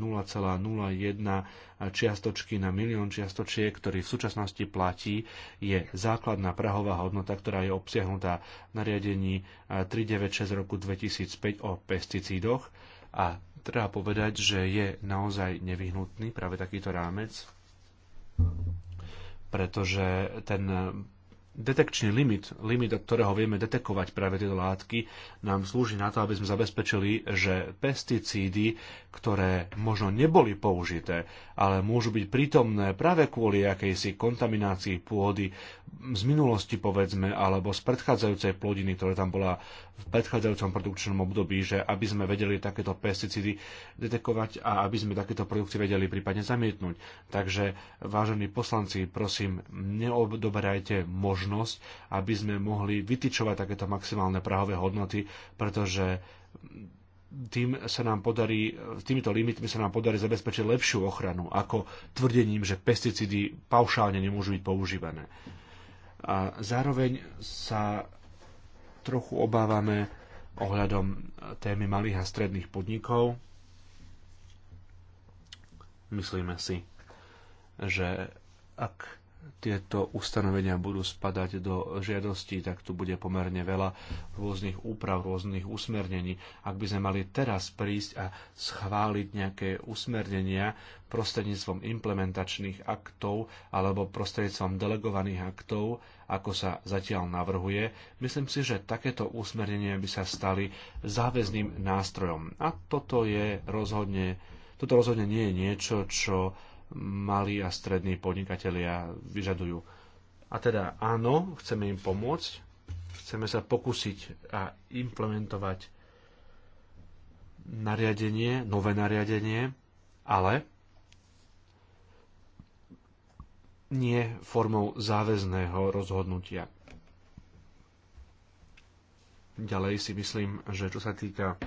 čiastočky na milión čiastočiek, ktorý v súčasnosti platí, je základná prahová hodnota, ktorá je obsiahnutá v nariadení 396 eh, roku 2005 o pesticídoch a treba povedať, že je naozaj nevyhnutný práve takýto rámec, pretože ten detekčný limit, limit, od ktorého vieme detekovať práve tieto látky, nám slúži na to, aby sme zabezpečili, že pesticídy, ktoré možno neboli použité, ale môžu byť prítomné práve kvôli akejsi kontaminácii pôdy z minulosti, povedzme, alebo z predchádzajúcej plodiny, ktorá tam bola v predchádzajúcom produkčnom období, že aby sme vedeli takéto pesticídy detekovať a aby sme takéto produkty vedeli prípadne zamietnúť. Takže, vážení poslanci, prosím, neodoberajte možnosť možnosť, aby sme mohli vytičovať takéto maximálne prahové hodnoty, pretože tým sa nám podarí, týmito limitmi sa nám podarí zabezpečiť lepšiu ochranu ako tvrdením, že pesticídy paušálne nemôžu byť používané. A zároveň sa trochu obávame ohľadom témy malých a stredných podnikov. Myslíme si, že ak tieto ustanovenia budú spadať do žiadostí, tak tu bude pomerne veľa rôznych úprav, rôznych usmernení. Ak by sme mali teraz prísť a schváliť nejaké usmernenia prostredníctvom implementačných aktov alebo prostredníctvom delegovaných aktov, ako sa zatiaľ navrhuje, myslím si, že takéto usmernenia by sa stali záväzným nástrojom. A toto je rozhodne, toto rozhodne nie je niečo, čo malí a strední podnikatelia vyžadujú. A teda áno, chceme im pomôcť, chceme sa pokúsiť a implementovať nariadenie, nové nariadenie, ale nie formou záväzného rozhodnutia. Ďalej si myslím, že čo sa týka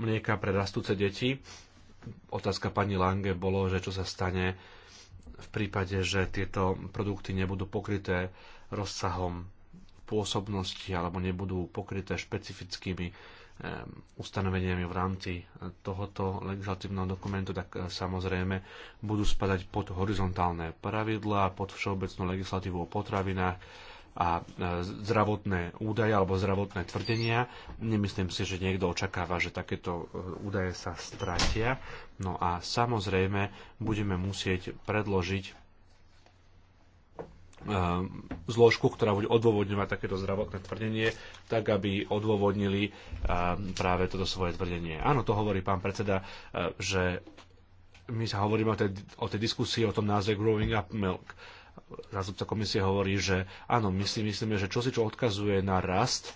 mlieka pre rastúce deti. Otázka pani Lange bolo, že čo sa stane v prípade, že tieto produkty nebudú pokryté rozsahom pôsobnosti alebo nebudú pokryté špecifickými eh, ustanoveniami v rámci eh, tohoto legislatívneho dokumentu, tak eh, samozrejme budú spadať pod horizontálne pravidlá, pod všeobecnú legislatívu o potravinách, a e, zdravotné údaje alebo zdravotné tvrdenia. Nemyslím si, že niekto očakáva, že takéto e, údaje sa stratia. No a samozrejme budeme musieť predložiť e, zložku, ktorá bude odôvodňovať takéto zdravotné tvrdenie, tak aby odôvodnili práve toto svoje tvrdenie. Áno, to hovorí pán predseda, že my sa hovoríme o tej, o tej diskusii o tom názve Growing Up Milk Zástupca komisie hovorí, že áno, my si myslíme, že čo si čo odkazuje na rast,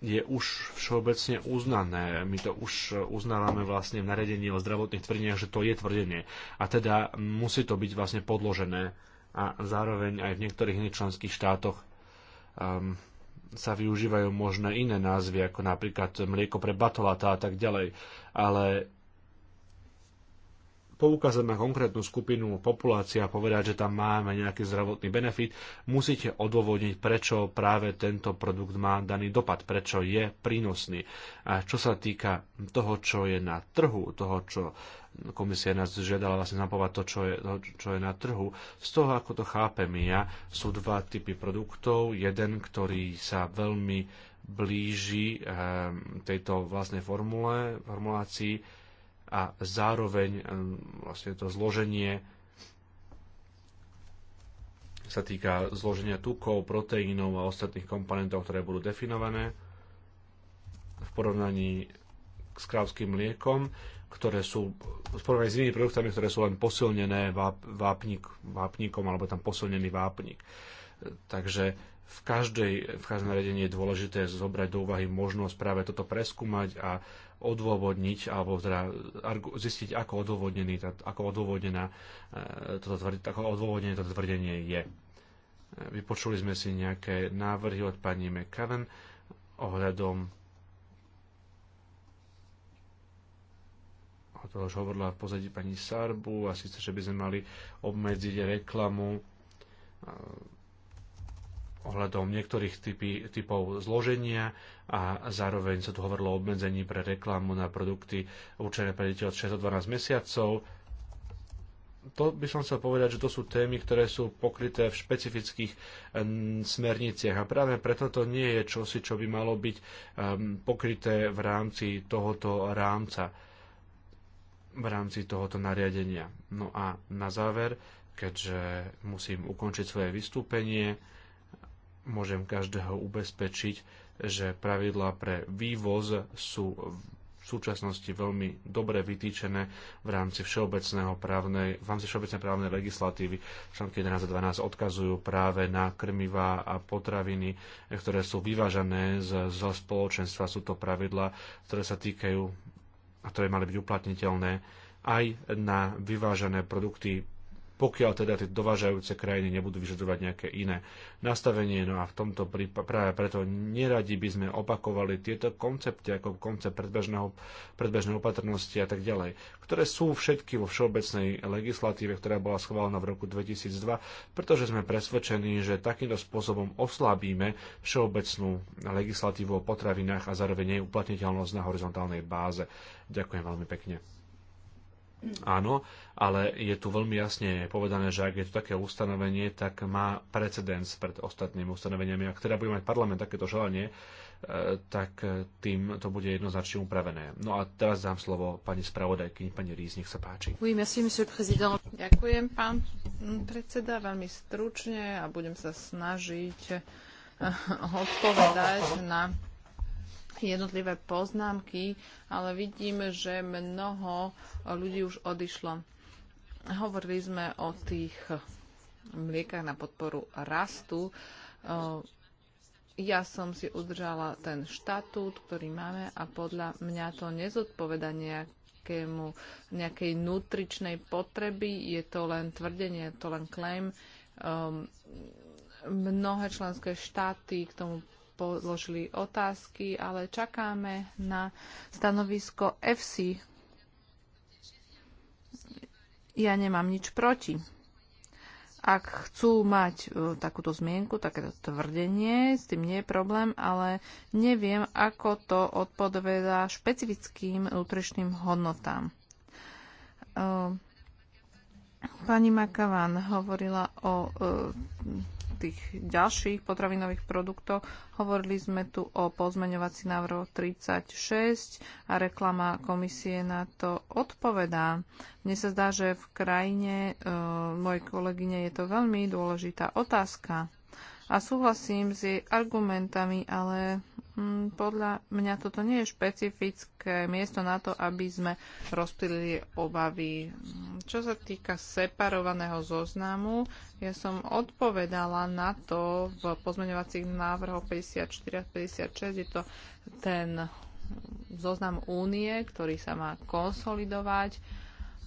je už všeobecne uznané. My to už uznávame vlastne v naredení o zdravotných tvrdeniach, že to je tvrdenie. A teda musí to byť vlastne podložené a zároveň aj v niektorých iných členských štátoch um, sa využívajú možné iné názvy, ako napríklad mlieko pre batolata a tak ďalej. Ale poukázať na konkrétnu skupinu populácie a povedať, že tam máme nejaký zdravotný benefit, musíte odôvodniť, prečo práve tento produkt má daný dopad, prečo je prínosný. A čo sa týka toho, čo je na trhu, toho, čo komisia nás žiadala vlastne zapovať to čo, je, to, čo je na trhu. Z toho, ako to chápem ja, sú dva typy produktov. Jeden, ktorý sa veľmi blíži ehm, tejto vlastnej formule, formulácii, a zároveň vlastne to zloženie sa týka zloženia tukov, proteínov a ostatných komponentov, ktoré budú definované v porovnaní s krávským mliekom, ktoré sú v porovnaní s inými produktami, ktoré sú len posilnené vápnik, vápnikom alebo tam posilnený vápnik. Takže v, každej, v každom nariadení je dôležité zobrať do úvahy možnosť práve toto preskúmať a odôvodniť, alebo teda zistiť, ako, odôvodnený, ako, odôvodnená, e, toto, ako odôvodnené toto tvrdenie je. E, vypočuli sme si nejaké návrhy od pani McCaven ohľadom o toho už hovorila v pozadí pani Sarbu a síce, že by sme mali obmedziť reklamu ohľadom niektorých typy, typov zloženia a zároveň sa tu hovorilo o obmedzení pre reklamu na produkty určené pre deti od 6 do 12 mesiacov. To by som chcel povedať, že to sú témy, ktoré sú pokryté v špecifických smerniciach a práve preto to nie je čosi, čo by malo byť pokryté v rámci tohoto rámca, v rámci tohoto nariadenia. No a na záver, keďže musím ukončiť svoje vystúpenie, môžem každého ubezpečiť, že pravidlá pre vývoz sú v súčasnosti veľmi dobre vytýčené v rámci všeobecného právnej, v rámci všeobecnej právnej legislatívy. Články 11 a 12 odkazujú práve na krmivá a potraviny, ktoré sú vyvážané z, z spoločenstva. Sú to pravidlá, ktoré sa týkajú a ktoré mali byť uplatniteľné aj na vyvážené produkty pokiaľ teda tie dovážajúce krajiny nebudú vyžadovať nejaké iné nastavenie. No a v tomto prípade práve preto neradi by sme opakovali tieto koncepty ako koncept predbežného, predbežnej opatrnosti a tak ďalej, ktoré sú všetky vo všeobecnej legislatíve, ktorá bola schválená v roku 2002, pretože sme presvedčení, že takýmto spôsobom oslabíme všeobecnú legislatívu o potravinách a zároveň jej uplatniteľnosť na horizontálnej báze. Ďakujem veľmi pekne. Áno, ale je tu veľmi jasne povedané, že ak je tu také ustanovenie, tak má precedens pred ostatnými ustanoveniami. Ak teda bude mať parlament takéto želanie, e, tak e, tým to bude jednoznačne upravené. No a teraz dám slovo pani spravodajky, pani Ríz, nech sa páči. Oui, merci, monsieur président. Ďakujem, pán predseda, veľmi stručne a budem sa snažiť e, odpovedať na jednotlivé poznámky, ale vidíme, že mnoho ľudí už odišlo. Hovorili sme o tých mliekach na podporu rastu. Ja som si udržala ten štatút, ktorý máme a podľa mňa to nezodpoveda nejakému, nejakej nutričnej potreby. Je to len tvrdenie, je to len claim. mnohé členské štáty k tomu položili otázky, ale čakáme na stanovisko FC. Ja nemám nič proti. Ak chcú mať uh, takúto zmienku, takéto tvrdenie, s tým nie je problém, ale neviem, ako to odpovedá špecifickým nutričným hodnotám. Uh, Pani Makavan hovorila o e, tých ďalších potravinových produktoch. Hovorili sme tu o pozmeňovací návrh 36 a reklama komisie na to odpovedá. Mne sa zdá, že v krajine e, mojej kolegyne je to veľmi dôležitá otázka. A súhlasím s jej argumentami, ale Mm, podľa mňa toto nie je špecifické miesto na to, aby sme rozptýlili obavy. Čo sa týka separovaného zoznamu, ja som odpovedala na to v pozmeňovacích návrhoch 54 a 56. Je to ten zoznam únie, ktorý sa má konsolidovať.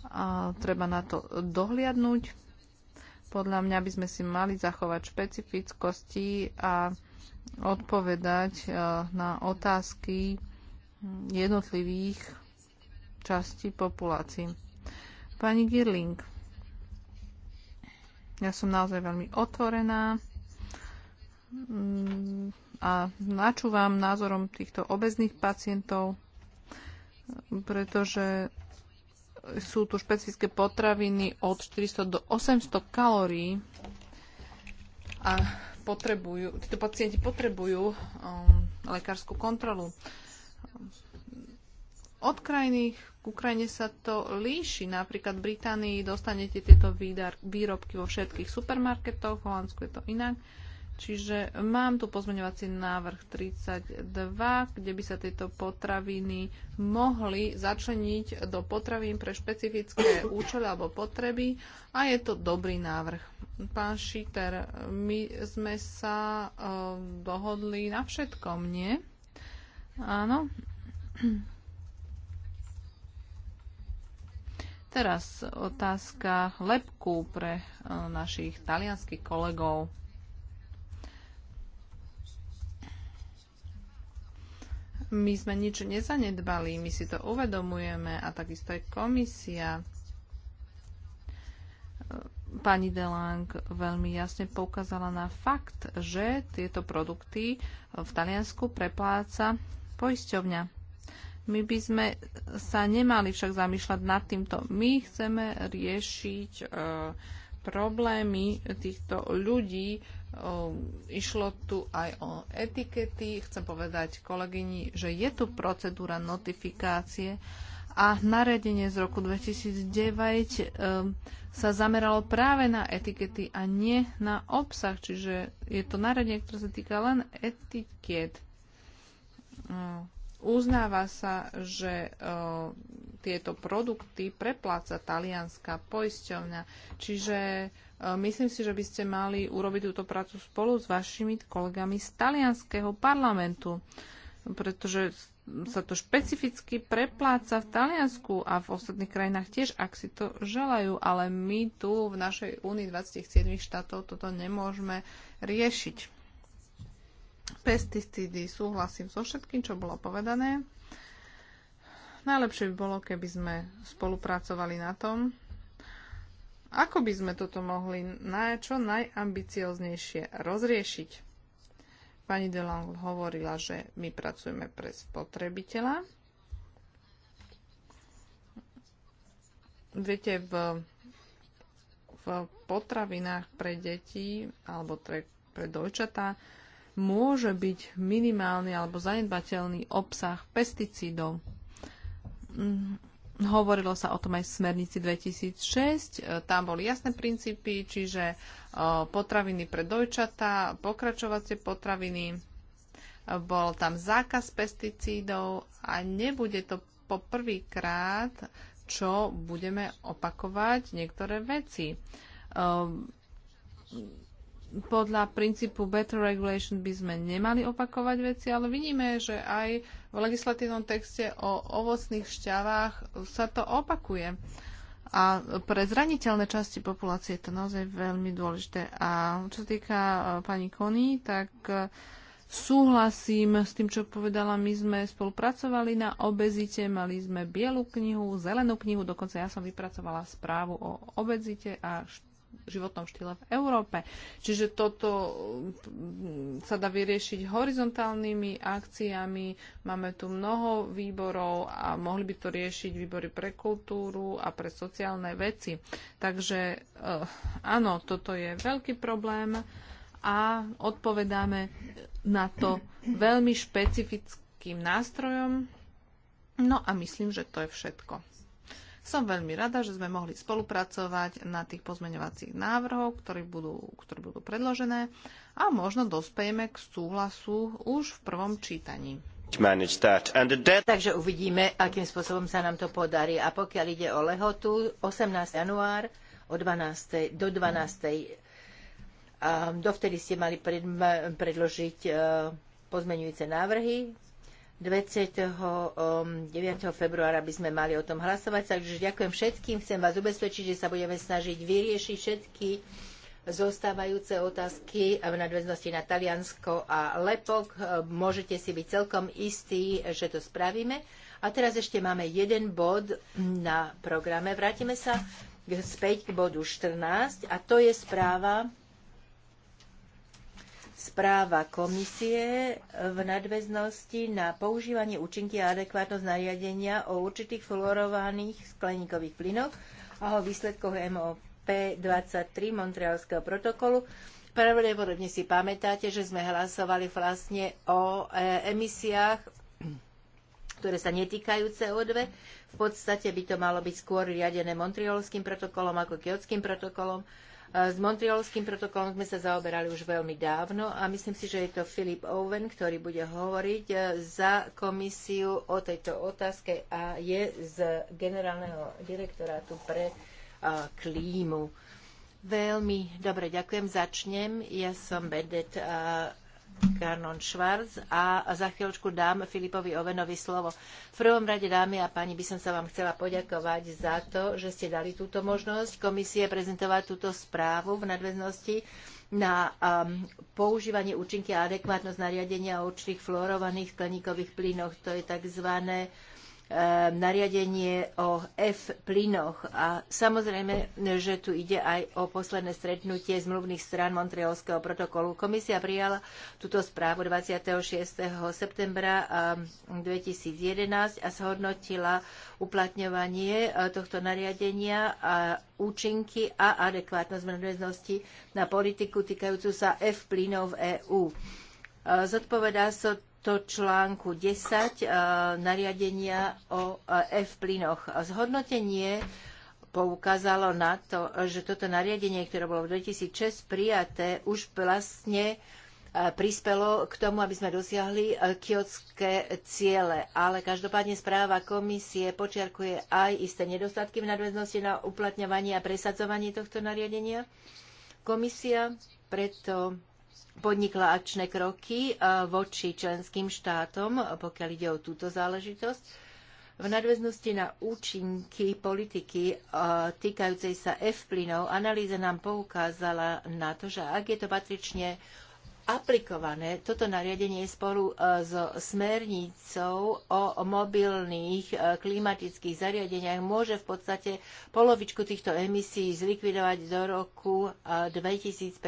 A treba na to dohliadnúť. Podľa mňa by sme si mali zachovať špecifickosti a odpovedať e, na otázky jednotlivých častí populácií. Pani Girling, ja som naozaj veľmi otvorená mm, a načúvam názorom týchto obezných pacientov, pretože sú tu špecifické potraviny od 400 do 800 kalórií a potrebujú, títo pacienti potrebujú um, lekárskú kontrolu. Od krajiny k Ukrajine sa to líši. Napríklad v Británii dostanete tieto výrobky vo všetkých supermarketoch, v Holandsku je to inak. Uh, Čiže mám tu pozmeňovací návrh 32, kde by sa tieto potraviny mohli začleniť do potravín pre špecifické účely alebo potreby a je to dobrý návrh. Pán Šíter, my sme sa uh, dohodli na všetkom, nie? Áno. Teraz otázka lepku pre uh, našich talianských kolegov. My sme nič nezanedbali, my si to uvedomujeme a takisto aj komisia. Pani Delang veľmi jasne poukázala na fakt, že tieto produkty v Taliansku prepláca poisťovňa. My by sme sa nemali však zamýšľať nad týmto. My chceme riešiť e, problémy týchto ľudí, Ehm, išlo tu aj o etikety. Chcem povedať kolegyni, že je tu procedúra notifikácie a naredenie z roku 2009 ehm, sa zameralo práve na etikety a nie na obsah. Čiže je to naredenie, ktoré sa týka len etiket. Ehm, uznáva sa, že tieto produkty prepláca talianská poisťovňa. Čiže Myslím si, že by ste mali urobiť túto prácu spolu s vašimi kolegami z talianského parlamentu, pretože sa to špecificky prepláca v Taliansku a v ostatných krajinách tiež, ak si to želajú, ale my tu v našej únii 27 štátov toto nemôžeme riešiť. Pesticídy, súhlasím so všetkým, čo bolo povedané. Najlepšie by bolo, keby sme spolupracovali na tom, ako by sme toto mohli na čo najambicioznejšie rozriešiť? Pani Delang hovorila, že my pracujeme pre spotrebiteľa. Viete, v, v potravinách pre deti alebo pre, pre dojčatá môže byť minimálny alebo zanedbateľný obsah pesticídov. Mm Hovorilo sa o tom aj v smernici 2006. E, tam boli jasné princípy, čiže e, potraviny pre dojčata, pokračovacie potraviny, e, bol tam zákaz pesticídov a nebude to po čo budeme opakovať niektoré veci podľa princípu better regulation by sme nemali opakovať veci, ale vidíme, že aj v legislatívnom texte o ovocných šťavách sa to opakuje. A pre zraniteľné časti populácie je to naozaj veľmi dôležité. A čo sa týka e, pani Kony, tak e, súhlasím s tým, čo povedala. My sme spolupracovali na obezite, mali sme bielu knihu, zelenú knihu, dokonca ja som vypracovala správu o obezite a životnom štýle v Európe. Čiže toto mm, sa dá vyriešiť horizontálnymi akciami. Máme tu mnoho výborov a mohli by to riešiť výbory pre kultúru a pre sociálne veci. Takže eh, áno, toto je veľký problém a odpovedáme na to veľmi špecifickým nástrojom. No a myslím, že to je všetko. Som veľmi rada, že sme mohli spolupracovať na tých pozmeňovacích návrhoch, ktoré budú, ktoré budú predložené a možno dospejeme k súhlasu už v prvom čítaní. Takže uvidíme, akým spôsobom sa nám to podarí. A pokiaľ ide o lehotu, 18. január o 12. do 12. A dovtedy ste mali predložiť e, pozmeňujúce návrhy. 29. Um, februára by sme mali o tom hlasovať. Takže ďakujem všetkým. Chcem vás ubezpečiť, že sa budeme snažiť vyriešiť všetky zostávajúce otázky v nadväznosti na Taliansko a Lepok. Môžete si byť celkom istí, že to spravíme. A teraz ešte máme jeden bod na programe. Vrátime sa späť k bodu 14 a to je správa správa komisie v nadväznosti na používanie účinky a adekvátnosť nariadenia o určitých fluorovaných skleníkových plynoch a o výsledkoch MOP 23 Montrealského protokolu. Pravdepodobne si pamätáte, že sme hlasovali vlastne o e, emisiách, ktoré sa netýkajú CO2. V podstate by to malo byť skôr riadené Montrealským protokolom ako Kyotským protokolom s Montrealským protokolom sme sa zaoberali už veľmi dávno a myslím si, že je to Philip Owen, ktorý bude hovoriť za komisiu o tejto otázke a je z generálneho direktorátu pre klímu. Veľmi dobre, ďakujem. Začnem. Ja som Bedet Garnon Schwarz a za chvíľočku dám Filipovi Ovenovi slovo. V prvom rade, dámy a páni, by som sa vám chcela poďakovať za to, že ste dali túto možnosť komisie prezentovať túto správu v nadväznosti na um, používanie účinky a adekvátnosť nariadenia o určitých fluorovaných skleníkových plynoch. To je tzv. Ehm, nariadenie o F plynoch. A samozrejme, že tu ide aj o posledné stretnutie zmluvných strán Montrealského protokolu. Komisia prijala túto správu 26. septembra 2011 ehm, a zhodnotila uplatňovanie e, tohto nariadenia a účinky a adekvátnosť nadväznosti na politiku týkajúcu sa F plynov v EÚ. E, zodpovedá sa so to článku 10 e, nariadenia o e, F plynoch. Zhodnotenie poukázalo na to, že toto nariadenie, ktoré bolo v 2006 prijaté, už vlastne e, prispelo k tomu, aby sme dosiahli kiotské ciele. Ale každopádne správa komisie počiarkuje aj isté nedostatky v nadväznosti na uplatňovanie a presadzovanie tohto nariadenia. Komisia preto podnikla akčné kroky e, voči členským štátom, e, pokiaľ ide o túto záležitosť. V nadväznosti na účinky politiky e, týkajúcej sa F-plynov analýza nám poukázala na to, že ak je to patrične aplikované, toto nariadenie spolu so smernicou o mobilných klimatických zariadeniach môže v podstate polovičku týchto emisí zlikvidovať do roku 2015.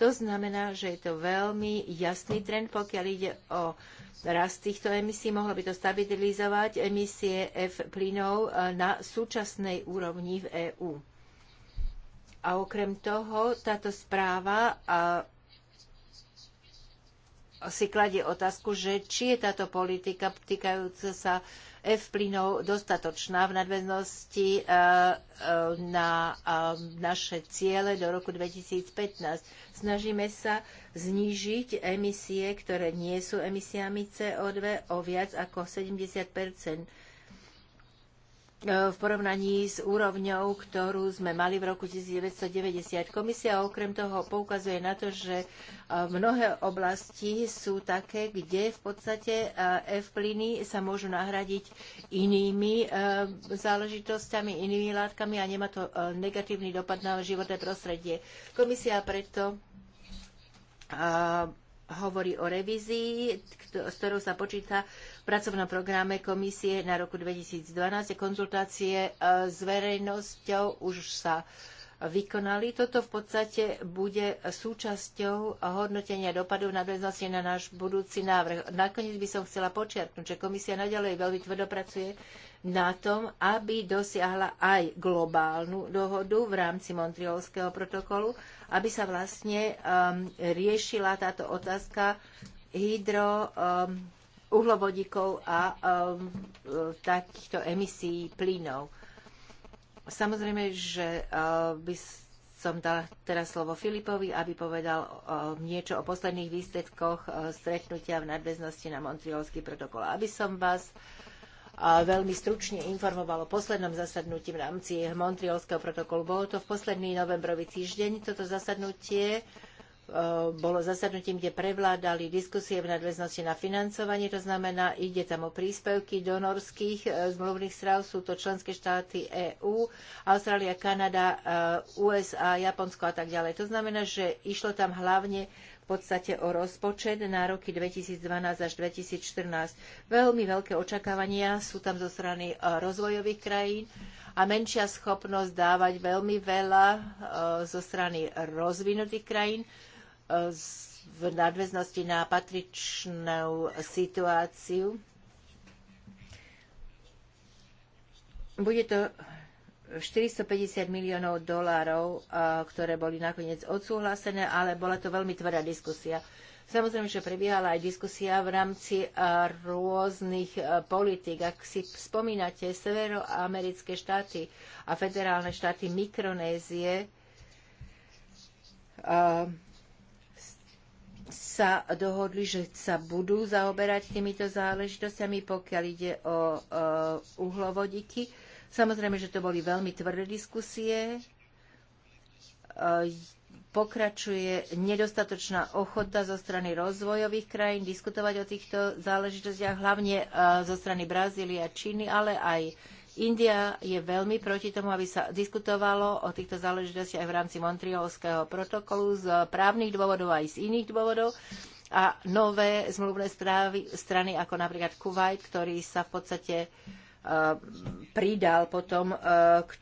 To znamená, že je to veľmi jasný trend, pokiaľ ide o rast týchto emisí. Mohlo by to stabilizovať emisie F plynov eh, na súčasnej úrovni v EÚ. A okrem toho, táto správa a si kladie otázku, že či je táto politika týkajúca sa F plynov dostatočná v nadväznosti e, e, na e, naše ciele do roku 2015. Snažíme sa znížiť emisie, ktoré nie sú emisiami CO2 o viac ako 70 E, v porovnaní s úrovňou, ktorú sme mali v roku 1990. Komisia okrem toho poukazuje na to, že e, mnohé oblasti sú také, kde v podstate e, F-plyny sa môžu nahradiť inými záležitosťami, inými látkami a nemá to negatívny dopad na životné prostredie. Komisia preto hovorí o revízii, s ktorou sa počíta pracovnom programe komisie na roku 2012. Konzultácie e, s verejnosťou už sa vykonali. Toto v podstate bude súčasťou hodnotenia dopadov v nadväznosti na náš budúci návrh. Nakoniec by som chcela počiarknúť, že komisia naďalej veľmi tvrdo pracuje na tom, aby dosiahla aj globálnu dohodu v rámci Montrealského protokolu, aby sa vlastne um, riešila táto otázka hydro um, uhlovodíkov a um, takýchto emisí plynov. Samozrejme, že uh, by som dala teraz slovo Filipovi, aby povedal um, niečo o posledných výsledkoch uh, stretnutia v nadväznosti na Montrealský protokol. Aby som vás uh, veľmi stručne informoval o poslednom zasadnutí v rámci Montrealského protokolu. Bolo to v posledný novembrový týždeň. Toto zasadnutie Eh, bolo zasadnutím, kde prevládali diskusie v nadväznosti na financovanie, to znamená, ide tam o príspevky donorských eh, zmluvných stráv, sú to členské štáty EÚ, Austrália, Kanada, eh, USA, Japonsko a tak ďalej. To znamená, že išlo tam hlavne v podstate o rozpočet na roky 2012 až 2014. Veľmi veľké očakávania sú tam zo strany rozvojových krajín a menšia schopnosť dávať veľmi veľa zo strany rozvinutých krajín v nadväznosti na patričnú situáciu. Bude to 450 miliónov dolárov, ktoré boli nakoniec odsúhlasené, ale bola to veľmi tvrdá diskusia. Samozrejme, že prebiehala aj diskusia v rámci rôznych politik. Ak si spomínate, severoamerické štáty a federálne štáty Mikronézie sa dohodli, že sa budú zaoberať týmito záležitostiami, pokiaľ ide o uhlovodiky. Samozrejme, že to boli veľmi tvrdé diskusie. E, pokračuje nedostatočná ochota zo strany rozvojových krajín diskutovať o týchto záležitostiach, hlavne e, zo strany Brazílie a Číny, ale aj India je veľmi proti tomu, aby sa diskutovalo o týchto záležitostiach aj v rámci Montrealského protokolu z právnych dôvodov aj z iných dôvodov a nové zmluvné správy, strany ako napríklad Kuwait, ktorý sa v podstate uh, pridal potom uh, k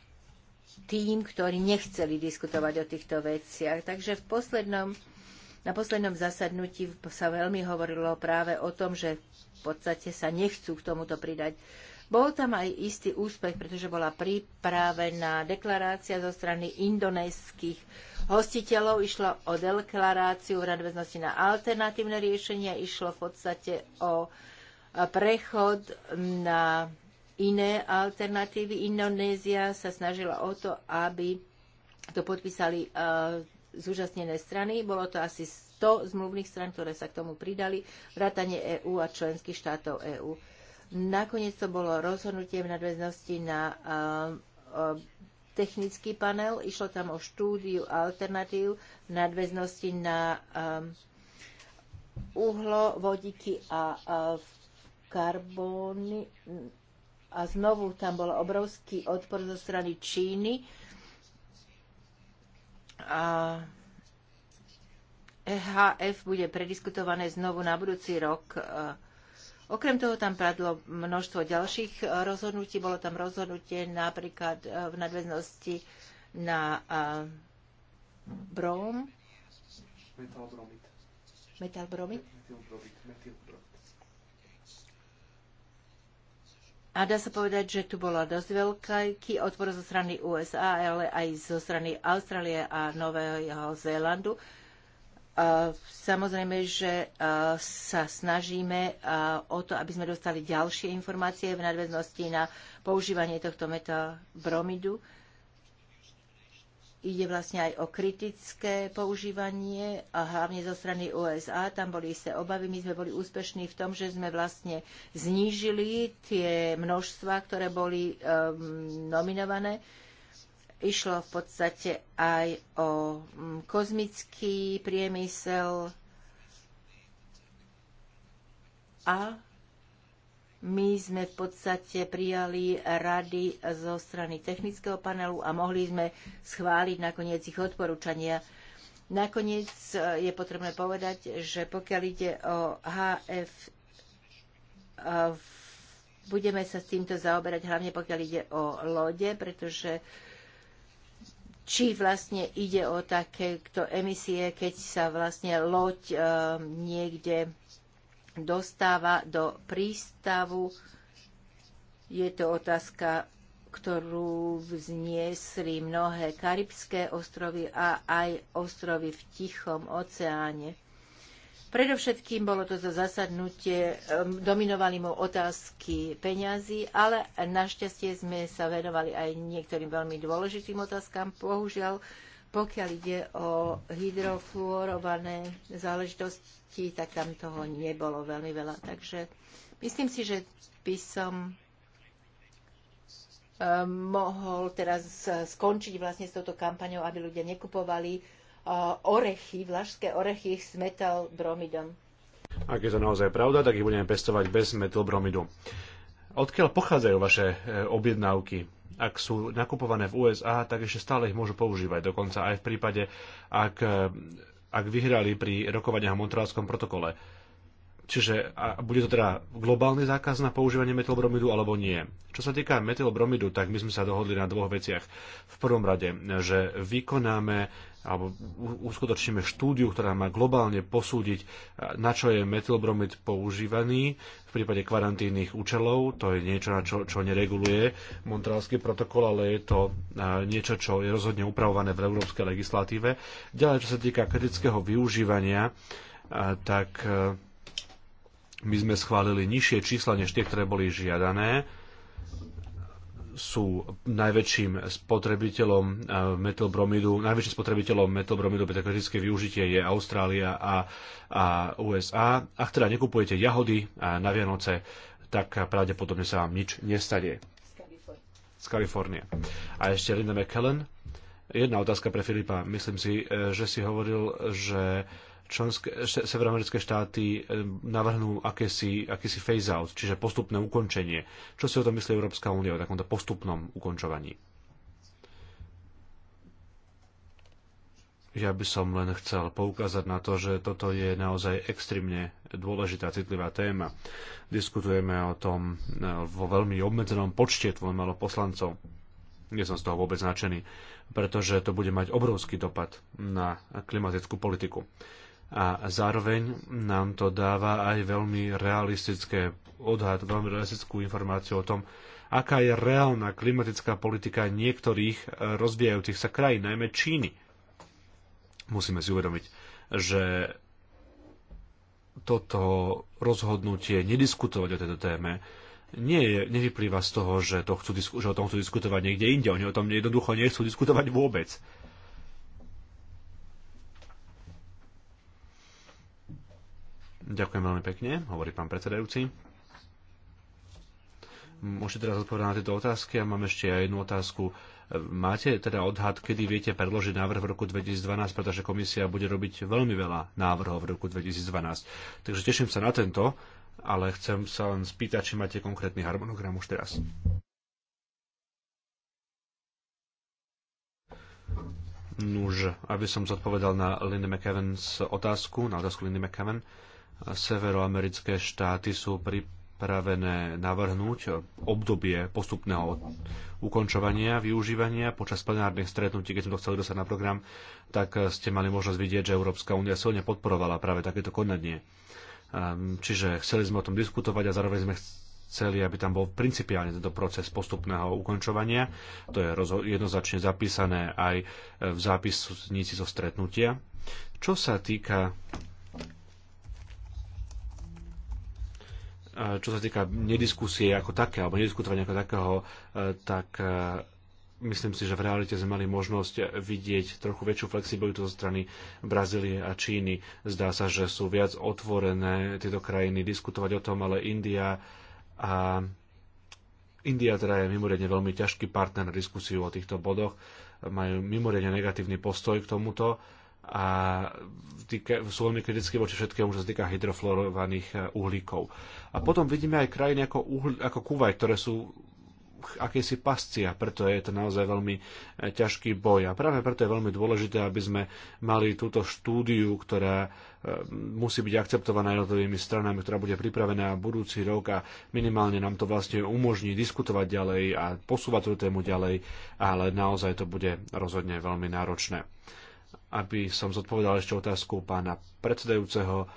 tým, ktorí nechceli diskutovať o týchto veciach. Takže v poslednom, na poslednom zasadnutí sa veľmi hovorilo práve o tom, že v podstate sa nechcú k tomuto pridať. Uh, bol tam aj istý úspech, pretože bola pripravená deklarácia zo strany indonéskych hostiteľov. Išlo o deklaráciu v radveznosti na alternatívne riešenia. Išlo v podstate o prechod na iné alternatívy. Indonézia sa snažila o to, aby to podpísali uh, zúčastnené strany. Bolo to asi 100 zmluvných stran, ktoré sa k tomu pridali, vrátanie EÚ a členských štátov EÚ. Nakoniec to bolo rozhodnutie v nadväznosti na eh, eh, technický panel. Išlo tam o štúdiu alternatív v nadväznosti na eh, uhlo, vodíky a, karbóny. A znovu tam bol obrovský odpor zo strany Číny. A EHF bude prediskutované znovu na budúci rok. A, Okrem toho tam padlo množstvo ďalších e, rozhodnutí. Bolo tam rozhodnutie napríklad e, v nadväznosti na e, brom. Metalbromid. Metalbromid? A dá sa povedať, že tu bola dosť veľký odpor zo strany USA, ale aj zo strany Austrálie a Nového Zélandu. Samozrejme, že sa snažíme o to, aby sme dostali ďalšie informácie v nadväznosti na používanie tohto metabromidu. Ide vlastne aj o kritické používanie, a hlavne zo strany USA. Tam boli isté obavy. My sme boli úspešní v tom, že sme vlastne znížili tie množstva, ktoré boli um, nominované. Uh, Išlo v podstate aj o mm, kozmický priemysel a my sme v podstate prijali rady zo strany technického panelu a mohli sme schváliť nakoniec ich odporúčania. Nakoniec e, je potrebné povedať, že pokiaľ ide o HF, e, budeme sa s týmto zaoberať hlavne pokiaľ ide o lode, pretože či vlastne ide o takéto emisie, keď sa vlastne loď e, niekde dostáva do prístavu. Je to otázka, ktorú vzniesli mnohé karibské ostrovy a aj ostrovy v Tichom oceáne. Predovšetkým bolo to za zasadnutie, dominovali mu otázky peňazí, ale našťastie sme sa venovali aj niektorým veľmi dôležitým otázkam. Bohužiaľ, pokiaľ ide o hydrofluorované záležitosti, tak tam toho nebolo veľmi veľa. Takže myslím si, že by som mohol teraz skončiť vlastne s touto kampaňou, aby ľudia nekupovali orechy, vlašské orechy s metalbromidom. Ak je to naozaj pravda, tak ich budeme pestovať bez metalbromidu. Odkiaľ pochádzajú vaše e, objednávky? Ak sú nakupované v USA, tak ešte stále ich môžu používať. Dokonca aj v prípade, ak, e, ak vyhrali pri rokovaniach o Montrealskom protokole. Čiže a bude to teda globálny zákaz na používanie metylbromidu alebo nie? Čo sa týka metylbromidu, tak my sme sa dohodli na dvoch veciach. V prvom rade, že vykonáme alebo uskutočníme štúdiu, ktorá má globálne posúdiť, na čo je metylbromid používaný v prípade kvarantínnych účelov. To je niečo, na čo, čo nereguluje Montrealský protokol, ale je to niečo, čo je rozhodne upravované v európskej legislatíve. Ďalej, čo sa týka kritického využívania, tak e, my sme schválili nižšie čísla než tie, ktoré boli žiadané sú najväčším spotrebiteľom eh, metilbromidu, najväčším spotrebiteľom metobromidu, pre kritické využitie je Austrália a, a USA. Ak teda nekupujete jahody eh, na Vianoce, tak pravdepodobne sa vám nič nestane. Z Kalifornie. A ešte Linda McKellen. Jedna otázka pre Filipa. Myslím si, eh, že si hovoril, že členské, severoamerické štáty e, navrhnú akési, akési phase-out, čiže postupné ukončenie. Čo si o tom myslí Európska únia o takomto postupnom ukončovaní? Ja by som len chcel poukázať na to, že toto je naozaj extrémne dôležitá, citlivá téma. Diskutujeme o tom e, vo veľmi obmedzenom počte, tvoj malo poslancov. Nie som z toho vôbec značený, pretože to bude mať obrovský dopad na klimatickú politiku a zároveň nám to dáva aj veľmi realistické odhad, veľmi realistickú informáciu o tom, aká je reálna klimatická politika niektorých e, rozvíjajúcich sa krajín, najmä Číny. Musíme si uvedomiť, že toto rozhodnutie nediskutovať o tejto téme nie je, nevyplýva z toho, že, to chcú, že o tom chcú diskutovať niekde inde. Oni o tom jednoducho nechcú diskutovať vôbec. Ďakujem veľmi pekne, hovorí pán predsedajúci. Môžete teraz odpovedať na tieto otázky a mám ešte aj jednu otázku. Máte teda odhad, kedy viete predložiť návrh v roku 2012, pretože komisia bude robiť veľmi veľa návrhov v roku 2012. Takže teším sa na tento, ale chcem sa len spýtať, či máte konkrétny harmonogram už teraz. Nuž, aby som zodpovedal na Lindy McEvans otázku, na otázku Lindy McEvans severoamerické štáty sú pripravené navrhnúť obdobie postupného ukončovania, využívania počas plenárnych stretnutí, keď sme to chceli dostať na program, tak ste mali možnosť vidieť, že Európska únia silne podporovala práve takéto konanie. Ehm, čiže chceli sme o tom diskutovať a zároveň sme chceli, aby tam bol principiálne tento proces postupného ukončovania. To je jednoznačne zapísané aj v zápisnici zo stretnutia. Čo sa týka čo sa týka nediskusie ako také, alebo nediskutovania ako takého, e, tak e, myslím si, že v realite sme mali možnosť vidieť trochu väčšiu flexibilitu zo strany Brazílie a Číny. Zdá sa, že sú viac otvorené tieto krajiny diskutovať o tom, ale India a India teda je mimoriadne veľmi ťažký partner na diskusiu o týchto bodoch, majú mimoriadne negatívny postoj k tomuto a týka, sú veľmi kritické voči všetkému, čo sa týka hydroflorovaných e, uhlíkov. A potom vidíme aj krajiny ako, uhl, ako Kuwait, ktoré sú akési pasci a preto je to naozaj veľmi e, ťažký boj. A práve preto je veľmi dôležité, aby sme mali túto štúdiu, ktorá e, musí byť akceptovaná jednotlivými stranami, ktorá bude pripravená budúci rok a minimálne nám to vlastne umožní diskutovať ďalej a posúvať tú tému ďalej, ale naozaj to bude rozhodne veľmi náročné aby som zodpovedal ešte otázku pána predsedajúceho,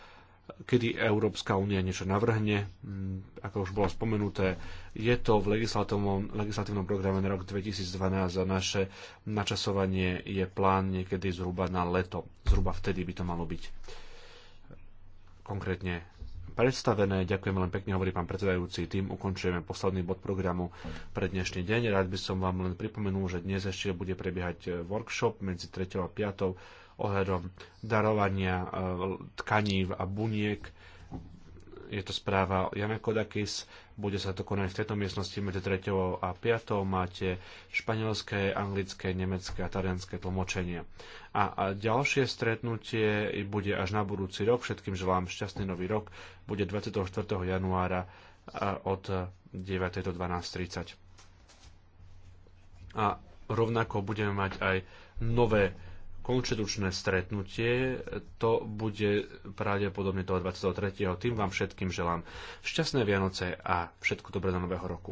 kedy Európska únia niečo navrhne. Mm, ako už bolo spomenuté, je to v legislatívnom, legislatívnom programe na rok 2012 a naše načasovanie je plán niekedy zhruba na leto. Zhruba vtedy by to malo byť. Konkrétne predstavené. Ďakujem len pekne, hovorí pán predsedajúci. Tým ukončujeme posledný bod programu pre dnešný deň. Rád by som vám len pripomenul, že dnes ešte bude prebiehať e, workshop medzi 3. a 5. ohľadom darovania e, tkaní a buniek je to správa Jana Kodakis, bude sa to konať v tejto miestnosti medzi 3. a 5. máte španielské, anglické, nemecké a talianské tlmočenie. A, a ďalšie stretnutie bude až na budúci rok, všetkým želám šťastný nový rok, bude 24. januára od 9. do 12.30. A rovnako budeme mať aj nové konštitučné stretnutie. To bude pravdepodobne toho 23. Tým vám všetkým želám šťastné Vianoce a všetko dobré do nového roku.